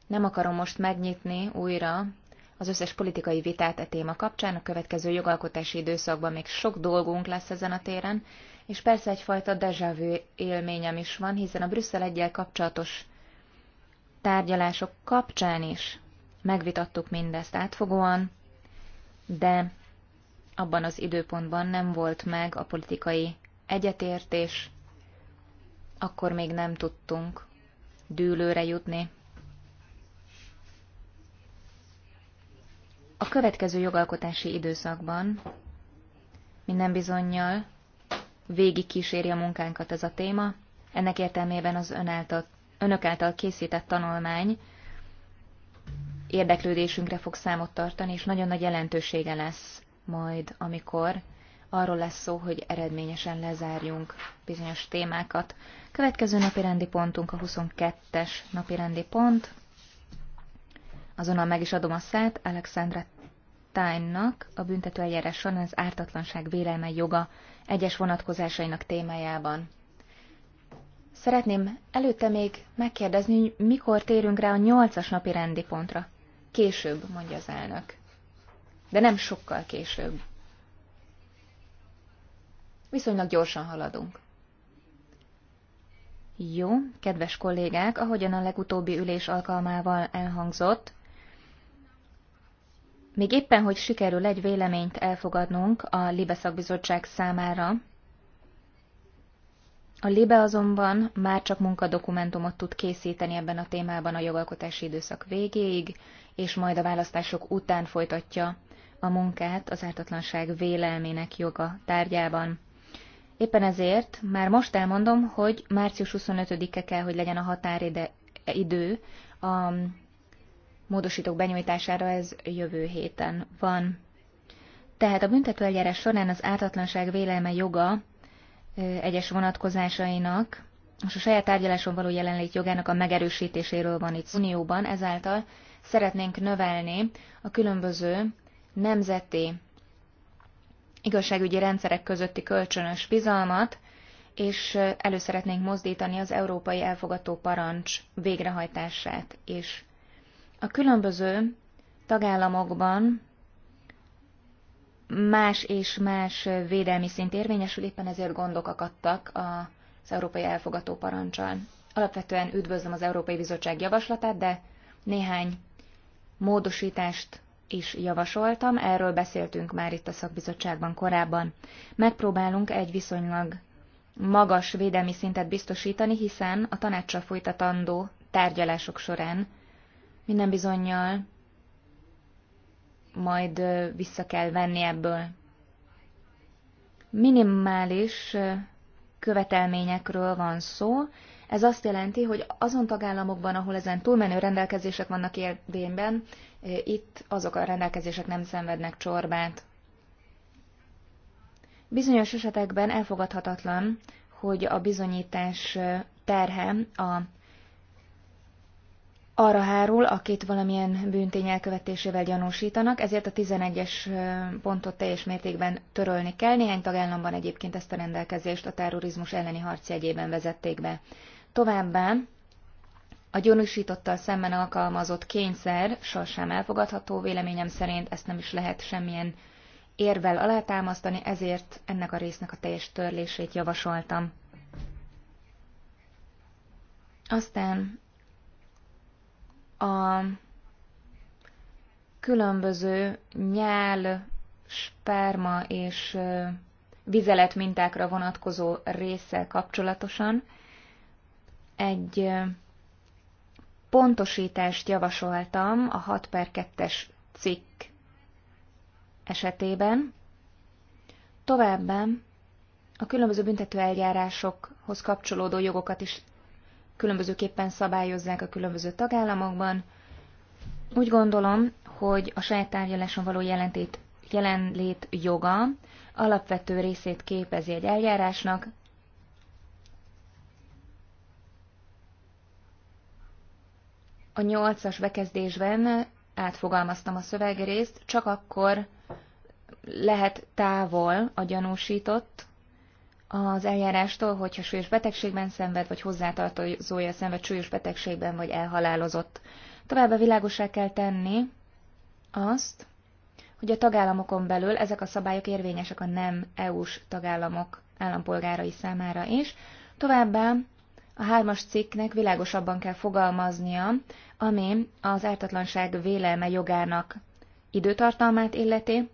Nem akarom most megnyitni újra az összes politikai vitát e téma kapcsán, a következő jogalkotási időszakban még sok dolgunk lesz ezen a téren, és persze egyfajta déjà vu élményem is van, hiszen a Brüsszel egyel kapcsolatos tárgyalások kapcsán is megvitattuk mindezt átfogóan, de abban az időpontban nem volt meg a politikai egyetértés, akkor még nem tudtunk dűlőre jutni. A következő jogalkotási időszakban minden bizonyjal végig kíséri a munkánkat ez a téma, ennek értelmében az ön által, önök által készített tanulmány érdeklődésünkre fog számot tartani, és nagyon nagy jelentősége lesz majd, amikor arról lesz szó, hogy eredményesen lezárjunk bizonyos témákat. Következő napi rendi pontunk a 22-es napi rendi pont. Azonnal meg is adom a szát Alexandra tyne a büntetőeljárás során az ártatlanság vélelme joga egyes vonatkozásainak témájában. Szeretném előtte még megkérdezni, hogy mikor térünk rá a nyolcas napi rendi pontra. Később, mondja az elnök. De nem sokkal később. Viszonylag gyorsan haladunk. Jó, kedves kollégák, ahogyan a legutóbbi ülés alkalmával elhangzott, még éppen, hogy sikerül egy véleményt elfogadnunk a Libe szakbizottság számára, a Libe azonban már csak munkadokumentumot tud készíteni ebben a témában a jogalkotási időszak végéig, és majd a választások után folytatja a munkát az ártatlanság vélelmének joga tárgyában. Éppen ezért már most elmondom, hogy március 25-e kell, hogy legyen a határidő a módosítók benyújtására, ez jövő héten van. Tehát a büntetőeljárás során az ártatlanság vélelme joga egyes vonatkozásainak most a saját tárgyaláson való jelenlét jogának a megerősítéséről van itt Unióban, ezáltal szeretnénk növelni a különböző nemzeti igazságügyi rendszerek közötti kölcsönös bizalmat, és elő szeretnénk mozdítani az európai elfogató parancs végrehajtását is. A különböző tagállamokban más és más védelmi szint érvényesül, éppen ezért gondok akadtak az európai elfogató parancsal. Alapvetően üdvözlöm az Európai Bizottság javaslatát, de néhány módosítást is javasoltam, erről beszéltünk már itt a szakbizottságban korábban. Megpróbálunk egy viszonylag magas védelmi szintet biztosítani, hiszen a tanácsa folytatandó tárgyalások során minden bizonyal majd vissza kell venni ebből. Minimális követelményekről van szó, ez azt jelenti, hogy azon tagállamokban, ahol ezen túlmenő rendelkezések vannak érvényben, eh, itt azok a rendelkezések nem szenvednek csorbát. Bizonyos esetekben elfogadhatatlan, hogy a bizonyítás eh, terhe a arra hárul, akit valamilyen bűntény elkövetésével gyanúsítanak, ezért a 11-es eh, pontot teljes mértékben törölni kell. Néhány tagállamban egyébként ezt a rendelkezést a terrorizmus elleni harc jegyében vezették be. Továbbá a gyanúsítottal szemben alkalmazott kényszer sosem elfogadható, véleményem szerint ezt nem is lehet semmilyen érvel alátámasztani, ezért ennek a résznek a teljes törlését javasoltam. Aztán a különböző nyál, sperma és vizelet mintákra vonatkozó része kapcsolatosan egy pontosítást javasoltam a 6 per 2-es cikk esetében. Továbbá a különböző büntetőeljárásokhoz kapcsolódó jogokat is különbözőképpen szabályozzák a különböző tagállamokban. Úgy gondolom, hogy a saját tárgyaláson való jelentét, jelenlét joga alapvető részét képezi egy eljárásnak, A nyolcas bekezdésben átfogalmaztam a szövegrészt, csak akkor lehet távol a gyanúsított az eljárástól, hogyha súlyos betegségben szenved, vagy hozzátartozója szenved súlyos betegségben, vagy elhalálozott. Továbbá világosá kell tenni azt, hogy a tagállamokon belül ezek a szabályok érvényesek a nem EU-s tagállamok állampolgárai számára is, továbbá a hármas cikknek világosabban kell fogalmaznia, ami az ártatlanság vélelme jogának időtartalmát illeti,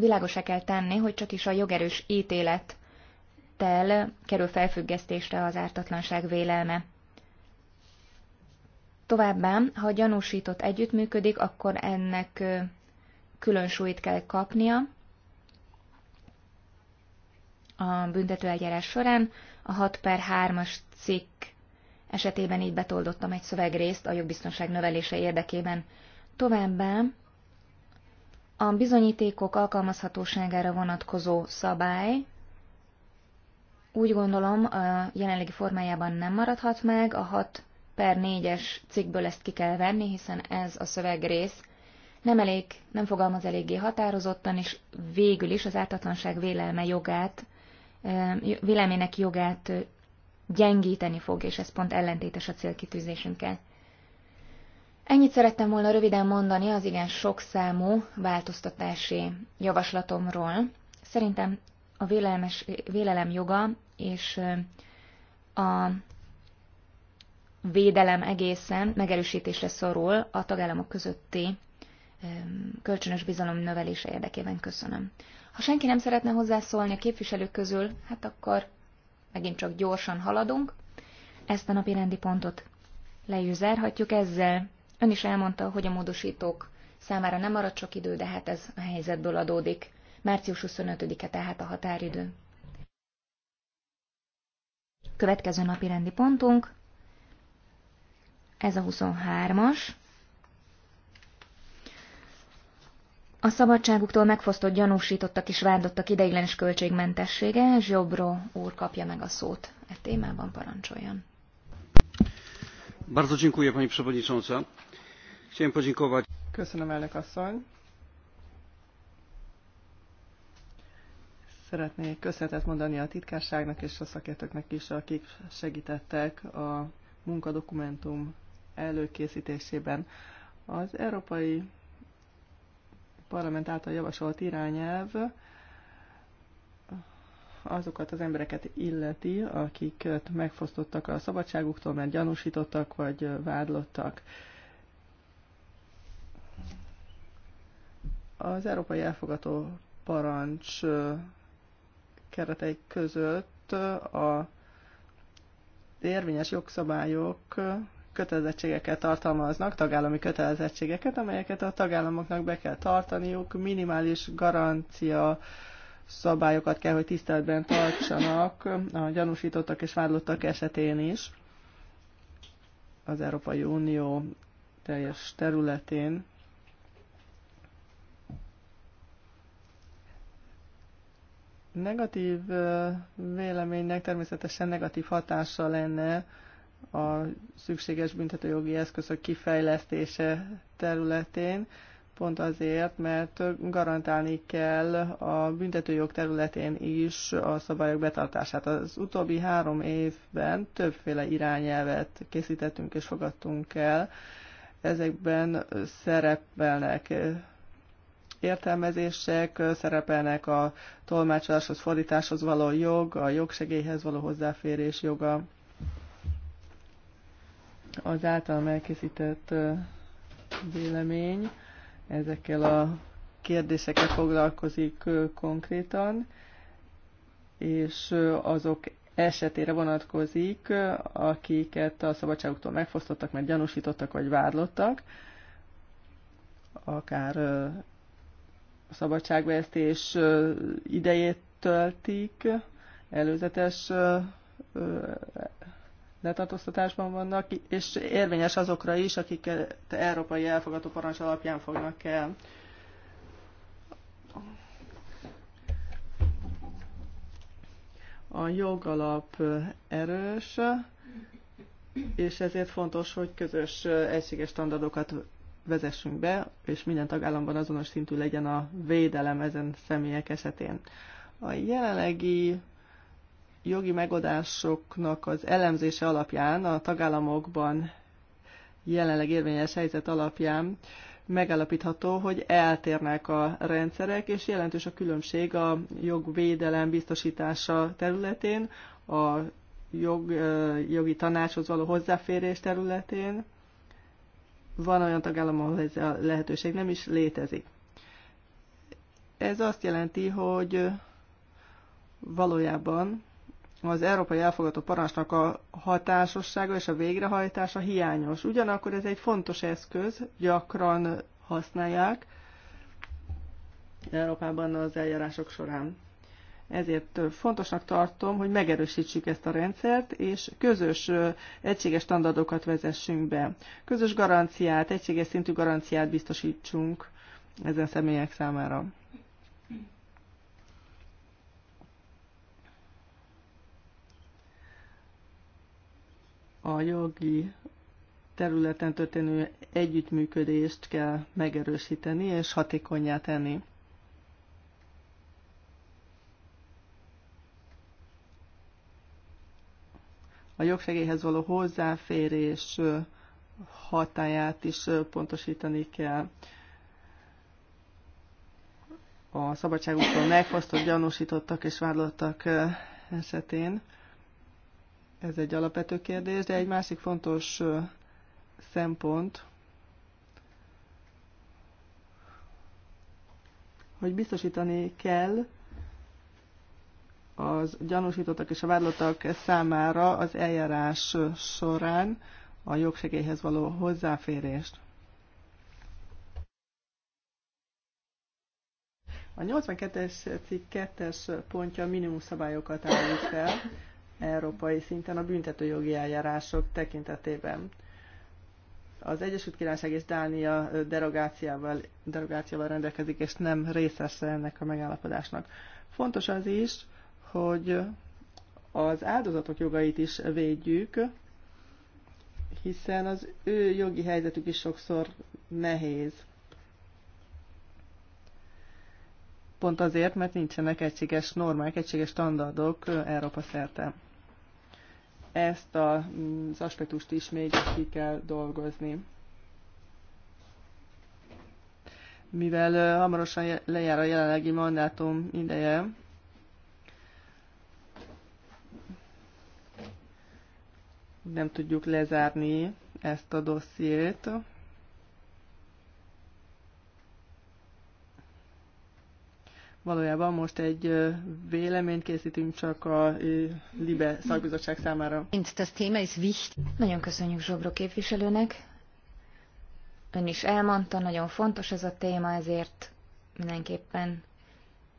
világosá kell tenni, hogy csak is a jogerős ítélettel kerül felfüggesztésre az ártatlanság vélelme. Továbbá, ha a gyanúsított együttműködik, akkor ennek külön súlyt kell kapnia, a büntetőeljárás során. A 6 per 3-as cikk esetében így betoldottam egy szövegrészt a jogbiztonság növelése érdekében. Továbbá a bizonyítékok alkalmazhatóságára vonatkozó szabály úgy gondolom a jelenlegi formájában nem maradhat meg, a 6 per 4-es cikkből ezt ki kell venni, hiszen ez a szövegrész nem elég, nem fogalmaz eléggé határozottan, és végül is az ártatlanság vélelme jogát vélemének jogát gyengíteni fog, és ez pont ellentétes a célkitűzésünkkel. Ennyit szerettem volna röviden mondani az igen számú változtatási javaslatomról. Szerintem a vélelmes, vélelem joga és a védelem egészen megerősítésre szorul a tagállamok közötti kölcsönös bizalom növelése érdekében. Köszönöm. Ha senki nem szeretne hozzászólni a képviselők közül, hát akkor megint csak gyorsan haladunk. Ezt a napi rendi pontot le is zárhatjuk ezzel. Ön is elmondta, hogy a módosítók számára nem marad sok idő, de hát ez a helyzetből adódik. Március 25-e tehát a határidő. Következő napi rendi pontunk, ez a 23-as, A szabadságuktól megfosztott gyanúsítottak és vádottak ideiglenes költségmentessége, és Jobbro úr kapja meg a szót. E témában parancsoljon. Bardzo dziękuję, pani przewodnicząca. Chciałem podziękować. Köszönöm, elnök asszony. Szeretnék köszönetet mondani a titkárságnak és a szakértőknek is, akik segítettek a munkadokumentum előkészítésében. Az Európai parlament által javasolt irányelv azokat az embereket illeti, akiket megfosztottak a szabadságuktól, mert gyanúsítottak vagy vádlottak. Az Európai Elfogató Parancs keretei között a érvényes jogszabályok kötelezettségeket tartalmaznak, tagállami kötelezettségeket, amelyeket a tagállamoknak be kell tartaniuk, minimális garancia szabályokat kell, hogy tiszteletben tartsanak a gyanúsítottak és vádlottak esetén is az Európai Unió teljes területén. Negatív véleménynek természetesen negatív hatása lenne a szükséges büntetőjogi eszközök kifejlesztése területén, pont azért, mert garantálni kell a büntetőjog területén is a szabályok betartását. Az utóbbi három évben többféle irányelvet készítettünk és fogadtunk el, ezekben szerepelnek értelmezések, szerepelnek a tolmácsoláshoz, fordításhoz való jog, a jogsegélyhez való hozzáférés joga, az általam elkészített vélemény ezekkel a kérdésekkel foglalkozik konkrétan, és azok esetére vonatkozik, akiket a szabadságuktól megfosztottak, mert gyanúsítottak vagy vádlottak, akár a szabadságvesztés idejét töltik, előzetes letartóztatásban vannak, és érvényes azokra is, akik európai elfogadó parancs alapján fognak el. A jogalap erős, és ezért fontos, hogy közös egységes standardokat vezessünk be, és minden tagállamban azonos szintű legyen a védelem ezen személyek esetén. A jelenlegi jogi megoldásoknak az elemzése alapján, a tagállamokban jelenleg érvényes helyzet alapján megállapítható, hogy eltérnek a rendszerek, és jelentős a különbség a jogvédelem biztosítása területén, a jog, jogi tanácshoz való hozzáférés területén. Van olyan tagállam, ahol ez a lehetőség nem is létezik. Ez azt jelenti, hogy valójában az európai elfogadó parancsnak a hatásossága és a végrehajtása hiányos. Ugyanakkor ez egy fontos eszköz, gyakran használják Európában az eljárások során. Ezért fontosnak tartom, hogy megerősítsük ezt a rendszert, és közös egységes standardokat vezessünk be. Közös garanciát, egységes szintű garanciát biztosítsunk ezen személyek számára. a jogi területen történő együttműködést kell megerősíteni és hatékonyá tenni. A jogsegélyhez való hozzáférés hatáját is pontosítani kell. A szabadságukról megfosztott gyanúsítottak és vádlottak esetén ez egy alapvető kérdés, de egy másik fontos szempont, hogy biztosítani kell az gyanúsítottak és a vádlottak számára az eljárás során a jogsegélyhez való hozzáférést. A 82-es cikk 2-es pontja minimum szabályokat állít fel, európai szinten a büntetőjogi eljárások tekintetében. Az Egyesült Királyság és Dánia derogációval, derogációval rendelkezik, és nem részese ennek a megállapodásnak. Fontos az is, hogy az áldozatok jogait is védjük, hiszen az ő jogi helyzetük is sokszor nehéz. Pont azért, mert nincsenek egységes normák, egységes standardok Európa szerte ezt az aspektust is még ki kell dolgozni. Mivel hamarosan lejár a jelenlegi mandátum ideje, nem tudjuk lezárni ezt a dossziét. Valójában most egy véleményt készítünk csak a LIBE szakbizottság számára. Das Thema ist wichtig. Nagyon köszönjük Zsobro képviselőnek. Ön is elmondta, nagyon fontos ez a téma, ezért mindenképpen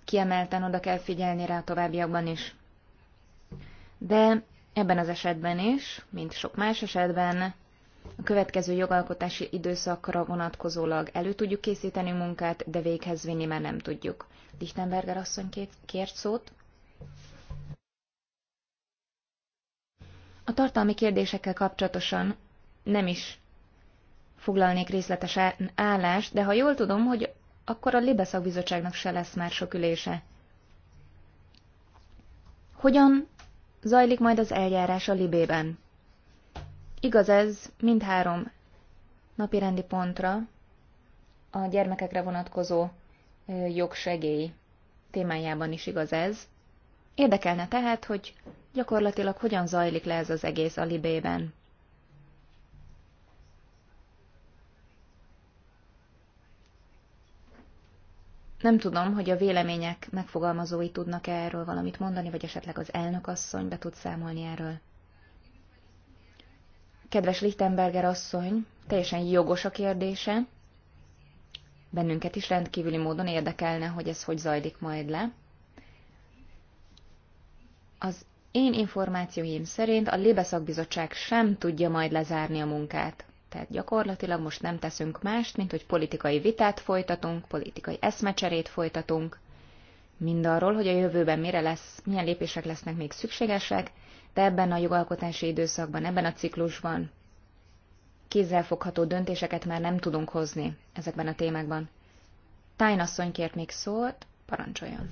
kiemelten oda kell figyelni rá a továbbiakban is. De ebben az esetben is, mint sok más esetben, a következő jogalkotási időszakra vonatkozólag elő tudjuk készíteni munkát, de véghez vinni már nem tudjuk. Lichtenberger asszony kért szót. A tartalmi kérdésekkel kapcsolatosan nem is foglalnék részletes állást, de ha jól tudom, hogy akkor a Libe szakbizottságnak se lesz már sok ülése. Hogyan zajlik majd az eljárás a Libében? Igaz ez mindhárom napirendi pontra, a gyermekekre vonatkozó jogsegély témájában is igaz ez. Érdekelne tehát, hogy gyakorlatilag hogyan zajlik le ez az egész a libében. Nem tudom, hogy a vélemények megfogalmazói tudnak -e erről valamit mondani, vagy esetleg az elnök asszony be tud számolni erről. Kedves Lichtenberger asszony, teljesen jogos a kérdése. Bennünket is rendkívüli módon érdekelne, hogy ez hogy zajlik majd le. Az én információim szerint a Lébeszakbizottság sem tudja majd lezárni a munkát. Tehát gyakorlatilag most nem teszünk mást, mint hogy politikai vitát folytatunk, politikai eszmecserét folytatunk, mindarról, hogy a jövőben mire lesz, milyen lépések lesznek még szükségesek, de ebben a jogalkotási időszakban, ebben a ciklusban kézzelfogható döntéseket már nem tudunk hozni ezekben a témákban. asszony kért még szót, parancsoljon.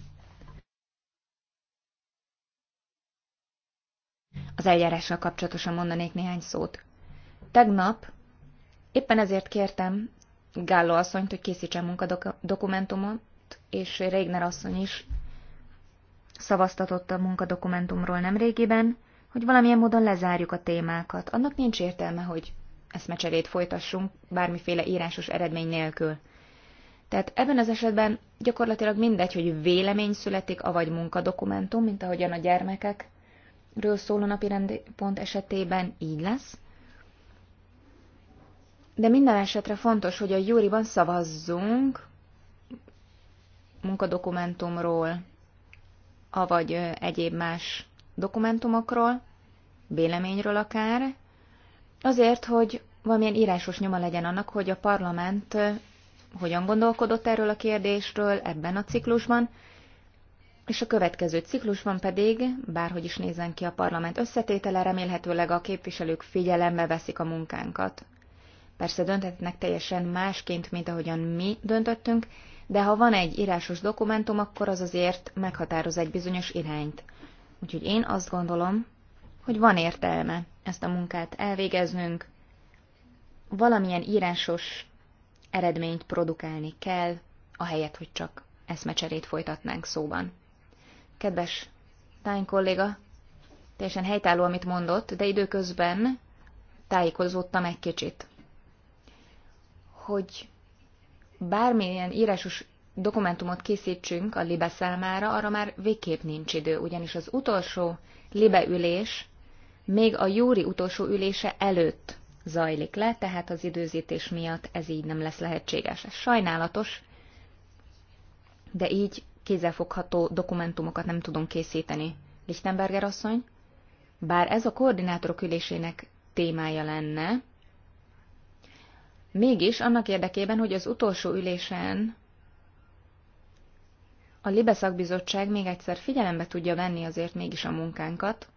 Az eljárással kapcsolatosan mondanék néhány szót. Tegnap éppen ezért kértem Gálló asszonyt, hogy készítsen munkadokumentumot, és Régner asszony is szavaztatott a munkadokumentumról nemrégiben hogy valamilyen módon lezárjuk a témákat. Annak nincs értelme, hogy eszmecserét folytassunk bármiféle írásos eredmény nélkül. Tehát ebben az esetben gyakorlatilag mindegy, hogy vélemény születik, avagy munkadokumentum, mint ahogyan a gyermekekről szóló napi pont esetében így lesz. De minden esetre fontos, hogy a júriban szavazzunk munkadokumentumról, avagy egyéb más dokumentumokról, véleményről akár, azért, hogy valamilyen írásos nyoma legyen annak, hogy a parlament hogyan gondolkodott erről a kérdésről ebben a ciklusban, és a következő ciklusban pedig, bárhogy is nézzen ki a parlament összetétele, remélhetőleg a képviselők figyelembe veszik a munkánkat. Persze dönthetnek teljesen másként, mint ahogyan mi döntöttünk, de ha van egy írásos dokumentum, akkor az azért meghatároz egy bizonyos irányt. Úgyhogy én azt gondolom, hogy van értelme ezt a munkát elvégeznünk, valamilyen írásos eredményt produkálni kell, ahelyett, hogy csak eszmecserét folytatnánk szóban. Kedves Tány kolléga, teljesen helytálló, amit mondott, de időközben tájékozódtam egy kicsit. Hogy bármilyen írásos dokumentumot készítsünk a Libe számára, arra már végképp nincs idő, ugyanis az utolsó Libe ülés még a júri utolsó ülése előtt zajlik le, tehát az időzítés miatt ez így nem lesz lehetséges. Ez sajnálatos, de így kézzelfogható dokumentumokat nem tudunk készíteni. Lichtenberger asszony, bár ez a koordinátorok ülésének témája lenne, mégis annak érdekében, hogy az utolsó ülésen a Libe szakbizottság még egyszer figyelembe tudja venni azért mégis a munkánkat.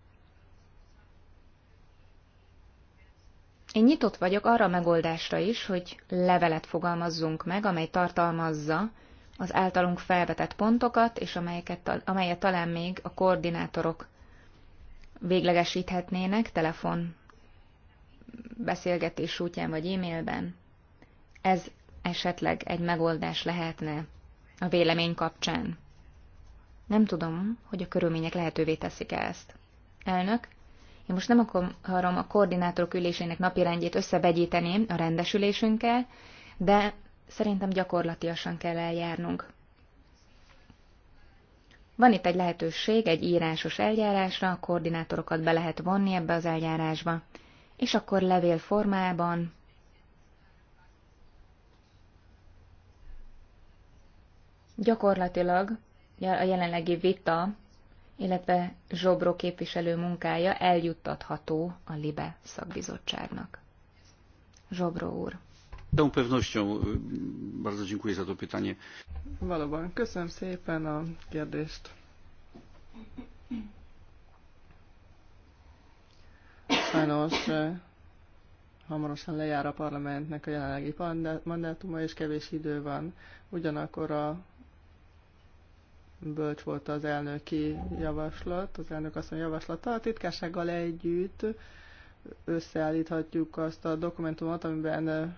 Én nyitott vagyok arra a megoldásra is, hogy levelet fogalmazzunk meg, amely tartalmazza az általunk felvetett pontokat, és amelyeket, amelyet talán még a koordinátorok véglegesíthetnének telefon beszélgetés útján vagy e-mailben. Ez esetleg egy megoldás lehetne a vélemény kapcsán. Nem tudom, hogy a körülmények lehetővé teszik -e ezt. Elnök, én most nem akarom a koordinátorok ülésének napirendjét összevegyíteni a rendesülésünkkel, de szerintem gyakorlatiasan kell eljárnunk. Van itt egy lehetőség egy írásos eljárásra, a koordinátorokat be lehet vonni ebbe az eljárásba, és akkor levél formában Gyakorlatilag a jelenlegi vita, illetve Zsobró képviselő munkája eljuttatható a LIBE szakbizottságnak. Zsobró úr. Tą pewnością bardzo dziękuję za to pytanie. Valóban, köszönöm szépen a kérdést. Sajnos hamarosan lejár a parlamentnek a jelenlegi mandátuma, és kevés idő van. Ugyanakkor a bölcs volt az elnöki javaslat, az elnök azt mondja, javaslata. A titkársággal együtt összeállíthatjuk azt a dokumentumot, amiben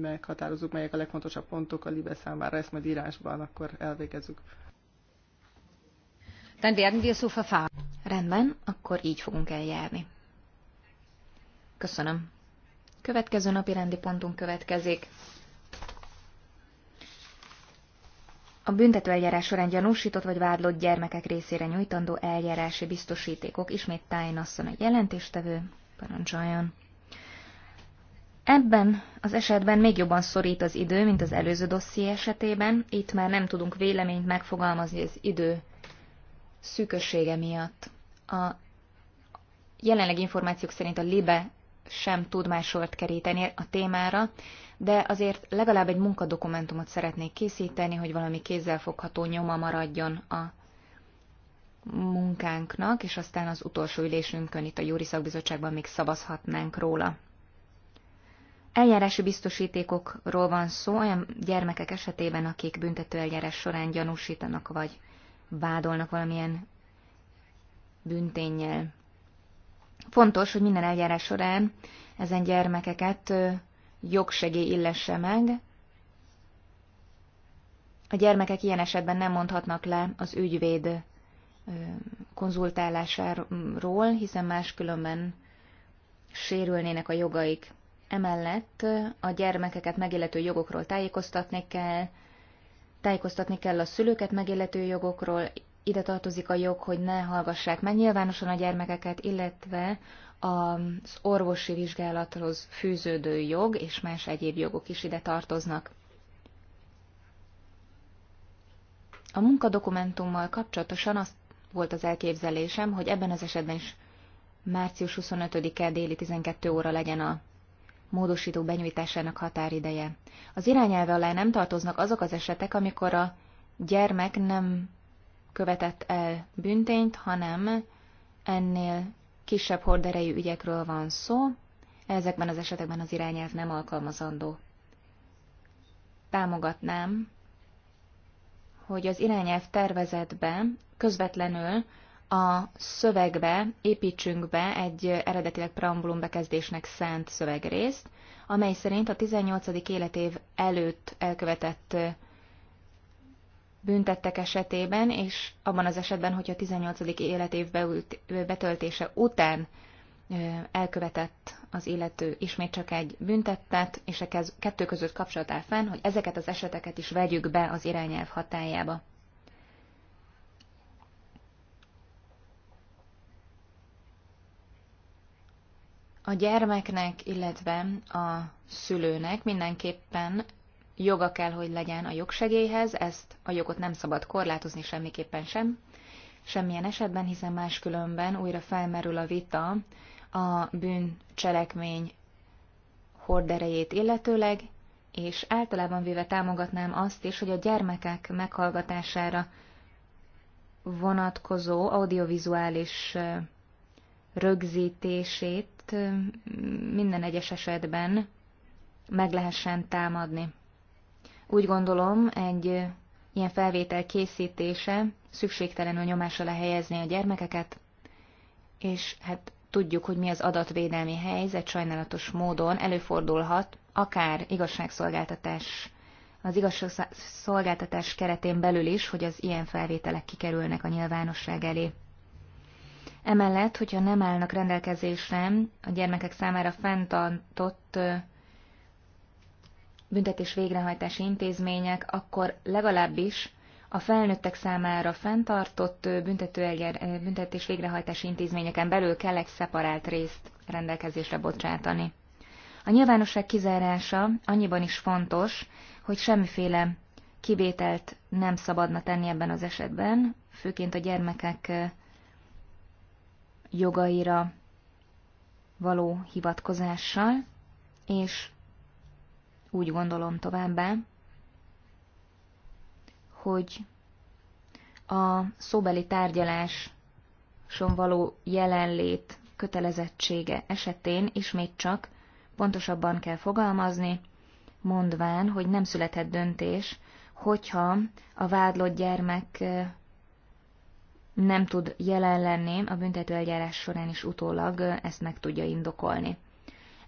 meghatározunk, melyek a legfontosabb pontok a Libe számára, ezt majd írásban akkor elvégezzük. Rendben, akkor így fogunk eljárni. Köszönöm. Következő napi rendi pontunk következik. a büntetőeljárás során gyanúsított vagy vádlott gyermekek részére nyújtandó eljárási biztosítékok. Ismét Tájén asszony egy jelentéstevő, parancsoljon. Ebben az esetben még jobban szorít az idő, mint az előző dosszié esetében. Itt már nem tudunk véleményt megfogalmazni az idő szűkössége miatt. A jelenleg információk szerint a LIBE sem tud már sort keríteni a témára, de azért legalább egy munkadokumentumot szeretnék készíteni, hogy valami kézzelfogható nyoma maradjon a munkánknak, és aztán az utolsó ülésünkön itt a Júri Szakbizottságban még szavazhatnánk róla. Eljárási biztosítékokról van szó olyan gyermekek esetében, akik eljárás során gyanúsítanak vagy vádolnak valamilyen bünténnyel. Fontos, hogy minden eljárás során ezen gyermekeket jogsegély illesse meg. A gyermekek ilyen esetben nem mondhatnak le az ügyvéd konzultálásáról, hiszen máskülönben sérülnének a jogaik. Emellett a gyermekeket megillető jogokról tájékoztatni kell, tájékoztatni kell a szülőket megillető jogokról, ide tartozik a jog, hogy ne hallgassák meg nyilvánosan a gyermekeket, illetve az orvosi vizsgálathoz fűződő jog és más egyéb jogok is ide tartoznak. A munkadokumentummal kapcsolatosan azt volt az elképzelésem, hogy ebben az esetben is március 25-e déli 12 óra legyen a módosító benyújtásának határideje. Az irányelve alá nem tartoznak azok az esetek, amikor a gyermek nem követett el büntényt, hanem ennél kisebb horderejű ügyekről van szó, ezekben az esetekben az irányelv nem alkalmazandó. Támogatnám, hogy az irányelv tervezetbe közvetlenül a szövegbe építsünk be egy eredetileg preambulum bekezdésnek szánt szövegrészt, amely szerint a 18. életév előtt elkövetett büntettek esetében, és abban az esetben, hogyha 18. életév betöltése után elkövetett az illető ismét csak egy büntettet, és a kettő között kapcsolat áll fenn, hogy ezeket az eseteket is vegyük be az irányelv hatájába. A gyermeknek, illetve a szülőnek mindenképpen joga kell, hogy legyen a jogsegélyhez, ezt a jogot nem szabad korlátozni semmiképpen sem, semmilyen esetben, hiszen máskülönben újra felmerül a vita a bűncselekmény horderejét illetőleg, és általában véve támogatnám azt is, hogy a gyermekek meghallgatására vonatkozó audiovizuális rögzítését minden egyes esetben meg lehessen támadni. Úgy gondolom, egy ilyen felvétel készítése szükségtelenül nyomás alá helyezni a gyermekeket, és hát tudjuk, hogy mi az adatvédelmi helyzet, sajnálatos módon előfordulhat, akár igazságszolgáltatás, az igazságszolgáltatás keretén belül is, hogy az ilyen felvételek kikerülnek a nyilvánosság elé. Emellett, hogyha nem állnak rendelkezésre a gyermekek számára fenntartott büntetés végrehajtási intézmények akkor legalábbis a felnőttek számára fenntartott büntetőeljár, büntetés végrehajtási intézményeken belül kell egy szeparált részt rendelkezésre bocsátani. A nyilvánosság kizárása annyiban is fontos, hogy semmiféle kivételt nem szabadna tenni ebben az esetben, főként a gyermekek jogaira való hivatkozással, és úgy gondolom továbbá, hogy a szóbeli tárgyaláson való jelenlét kötelezettsége esetén ismét csak pontosabban kell fogalmazni, mondván, hogy nem született döntés, hogyha a vádlott gyermek nem tud jelen lenni, a büntetőeljárás során is utólag ezt meg tudja indokolni.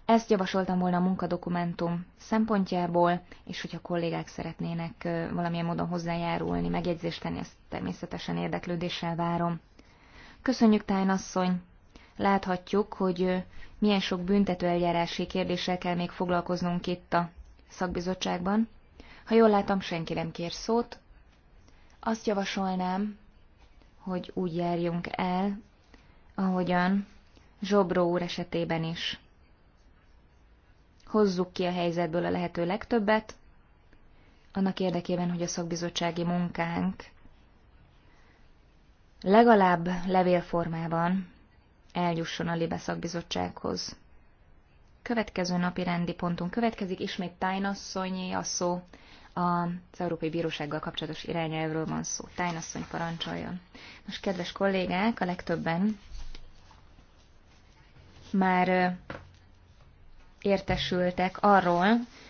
Ezt javasoltam volna a munkadokumentum szempontjából, és hogyha kollégák szeretnének valamilyen módon hozzájárulni, megjegyzést tenni, ezt természetesen érdeklődéssel várom. Köszönjük, Tájn asszony! Láthatjuk, hogy milyen sok büntetőeljárási kérdéssel kell még foglalkoznunk itt a szakbizottságban. Ha jól látom, senki nem kér szót. Azt javasolnám, hogy úgy járjunk el, ahogyan Zsobró úr esetében is hozzuk ki a helyzetből a lehető legtöbbet, annak érdekében, hogy a szakbizottsági munkánk legalább levélformában eljusson a Libe szakbizottsághoz. Következő napi rendi pontunk következik, ismét tájnasszonyi a szó, az Európai Bírósággal kapcsolatos irányelvről van szó. Tájnasszony parancsoljon. Most, kedves kollégák, a legtöbben már értesültek arról,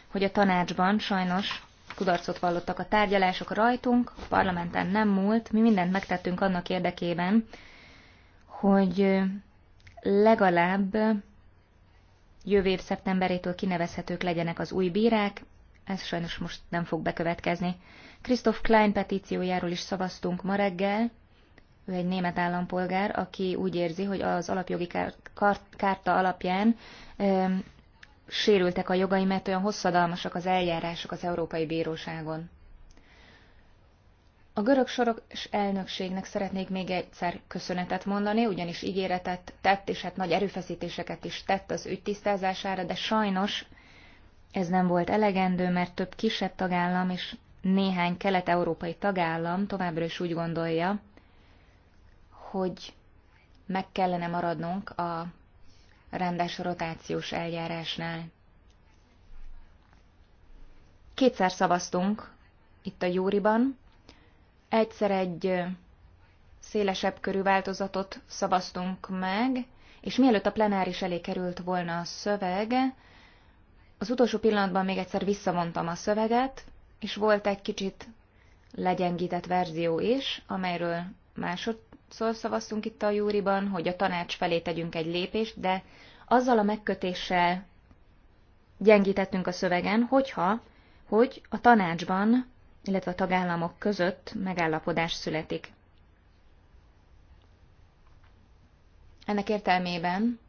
hogy a tanácsban sajnos kudarcot vallottak a tárgyalások rajtunk, a parlamenten nem múlt, mi mindent megtettünk annak érdekében, hogy legalább jövő év szeptemberétől kinevezhetők legyenek az új bírák, ez sajnos most nem fog bekövetkezni. Christoph Klein petíciójáról is szavaztunk ma reggel, ő egy német állampolgár, aki úgy érzi, hogy az alapjogi kárta alapján sérültek a jogai, mert olyan hosszadalmasak az eljárások az Európai Bíróságon. A görög soros elnökségnek szeretnék még egyszer köszönetet mondani, ugyanis ígéretet tett, és hát nagy erőfeszítéseket is tett az ügy tisztázására, de sajnos ez nem volt elegendő, mert több kisebb tagállam és néhány kelet-európai tagállam továbbra is úgy gondolja, hogy meg kellene maradnunk a rendes rotációs eljárásnál. Kétszer szavaztunk itt a Júriban, egyszer egy szélesebb körű változatot szavaztunk meg, és mielőtt a plenáris elé került volna a szöveg, az utolsó pillanatban még egyszer visszavontam a szöveget, és volt egy kicsit legyengített verzió is, amelyről másod, szor szóval szavaztunk itt a júriban, hogy a tanács felé tegyünk egy lépést, de azzal a megkötéssel gyengítettünk a szövegen, hogyha, hogy a tanácsban, illetve a tagállamok között megállapodás születik. Ennek értelmében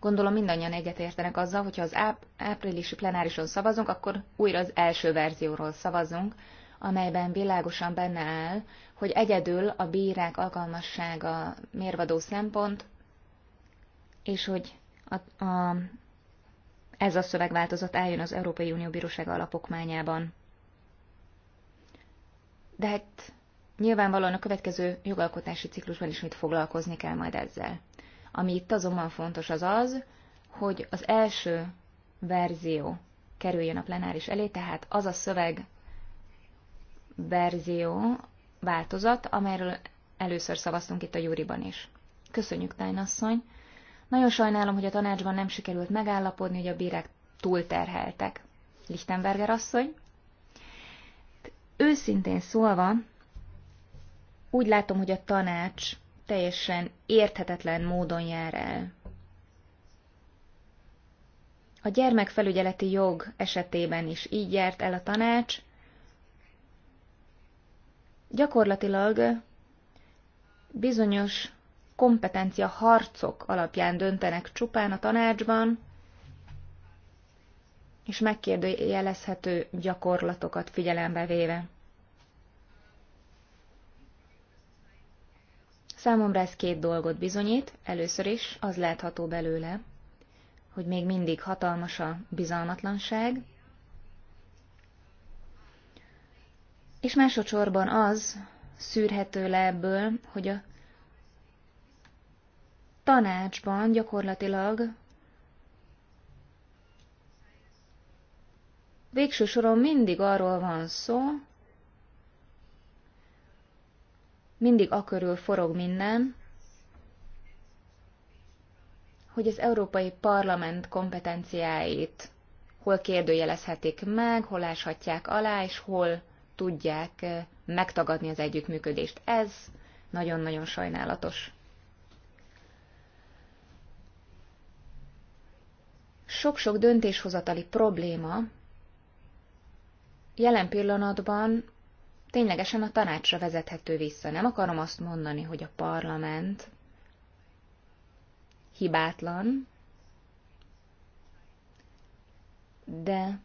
gondolom mindannyian egyetértenek azzal, hogyha az áp- áprilisi plenárison szavazunk, akkor újra az első verzióról szavazunk, amelyben világosan benne áll, hogy egyedül a bírák alkalmassága mérvadó szempont, és hogy a, a, ez a szövegváltozat álljon az Európai Unió Bírósága alapokmányában. De hát nyilvánvalóan a következő jogalkotási ciklusban is mit foglalkozni kell majd ezzel. Ami itt azonban fontos az az, hogy az első verzió kerüljön a plenáris elé, tehát az a szöveg verzió, változat, amelyről először szavaztunk itt a Júriban is. Köszönjük, Tájnasszony! Nagyon sajnálom, hogy a tanácsban nem sikerült megállapodni, hogy a bírák túlterheltek. Lichtenberger asszony? Őszintén szólva, úgy látom, hogy a tanács teljesen érthetetlen módon jár el. A gyermekfelügyeleti jog esetében is így járt el a tanács, gyakorlatilag bizonyos kompetencia harcok alapján döntenek csupán a tanácsban, és megkérdőjelezhető gyakorlatokat figyelembe véve. Számomra ez két dolgot bizonyít, először is az látható belőle, hogy még mindig hatalmas a bizalmatlanság, És másodszorban az szűrhető le ebből, hogy a tanácsban gyakorlatilag végső soron mindig arról van szó, mindig akörül forog minden, hogy az Európai Parlament kompetenciáit hol kérdőjelezhetik meg, hol áshatják alá, és hol tudják eh, megtagadni az együttműködést. Ez nagyon-nagyon sajnálatos. Sok-sok döntéshozatali probléma jelen pillanatban ténylegesen a tanácsra vezethető vissza. Nem akarom azt mondani, hogy a parlament hibátlan, de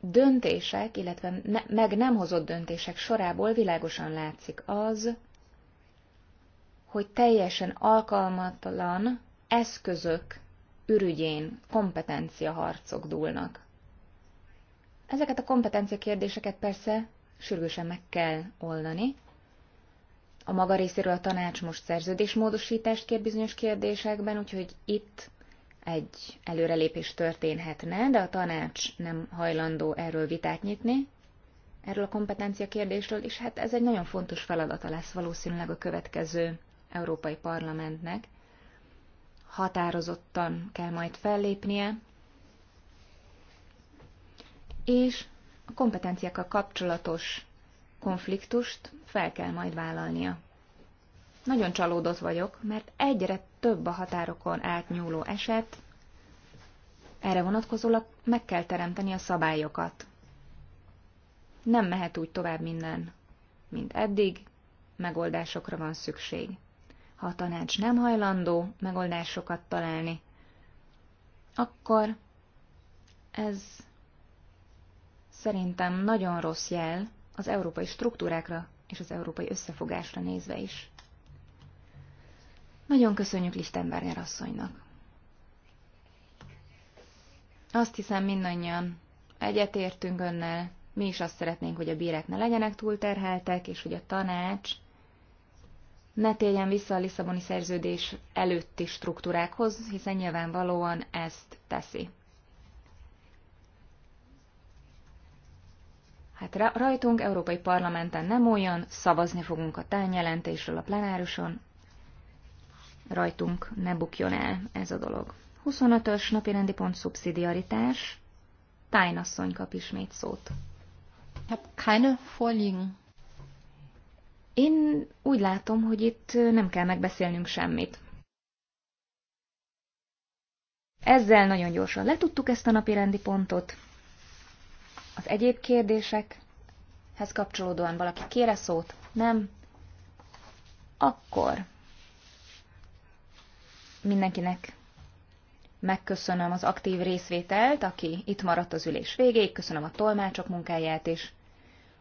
döntések, illetve ne, meg nem hozott döntések sorából világosan látszik az, hogy teljesen alkalmatlan eszközök ürügyén kompetenciaharcok dúlnak. Ezeket a kompetencia kérdéseket persze sürgősen meg kell oldani. A maga részéről a tanács most szerződésmódosítást kér bizonyos kérdésekben, úgyhogy itt egy előrelépés történhetne, de a tanács nem hajlandó erről vitát nyitni, erről a kompetencia kérdésről, és hát ez egy nagyon fontos feladata lesz valószínűleg a következő Európai Parlamentnek. Határozottan kell majd fellépnie, és a kompetenciákkal kapcsolatos konfliktust fel kell majd vállalnia. Nagyon csalódott vagyok, mert egyre több a határokon átnyúló eset, erre vonatkozólag meg kell teremteni a szabályokat. Nem mehet úgy tovább minden, mint eddig, megoldásokra van szükség. Ha a tanács nem hajlandó megoldásokat találni, akkor ez szerintem nagyon rossz jel az európai struktúrákra és az európai összefogásra nézve is. Nagyon köszönjük Lichtenberger asszonynak. Azt hiszem mindannyian egyetértünk önnel, mi is azt szeretnénk, hogy a bírek ne legyenek túlterheltek, és hogy a tanács ne térjen vissza a Lisszaboni szerződés előtti struktúrákhoz, hiszen nyilvánvalóan ezt teszi. Hát rajtunk, Európai Parlamenten nem olyan, szavazni fogunk a tányjelentésről a plenárison, rajtunk ne bukjon el ez a dolog. 25-ös napi rendi pont szubszidiaritás. Tájnasszony kap ismét szót. Keine vorliegen. Én úgy látom, hogy itt nem kell megbeszélnünk semmit. Ezzel nagyon gyorsan letudtuk ezt a napi rendi pontot. Az egyéb kérdésekhez kapcsolódóan valaki kére szót? Nem? Akkor Mindenkinek megköszönöm az aktív részvételt, aki itt maradt az ülés végéig, köszönöm a tolmácsok munkáját is.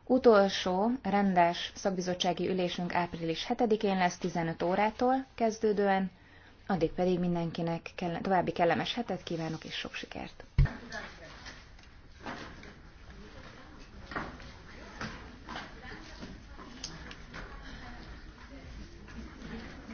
Utolsó rendes szakbizottsági ülésünk április 7-én lesz 15 órától kezdődően, addig pedig mindenkinek kell- további kellemes hetet kívánok és sok sikert!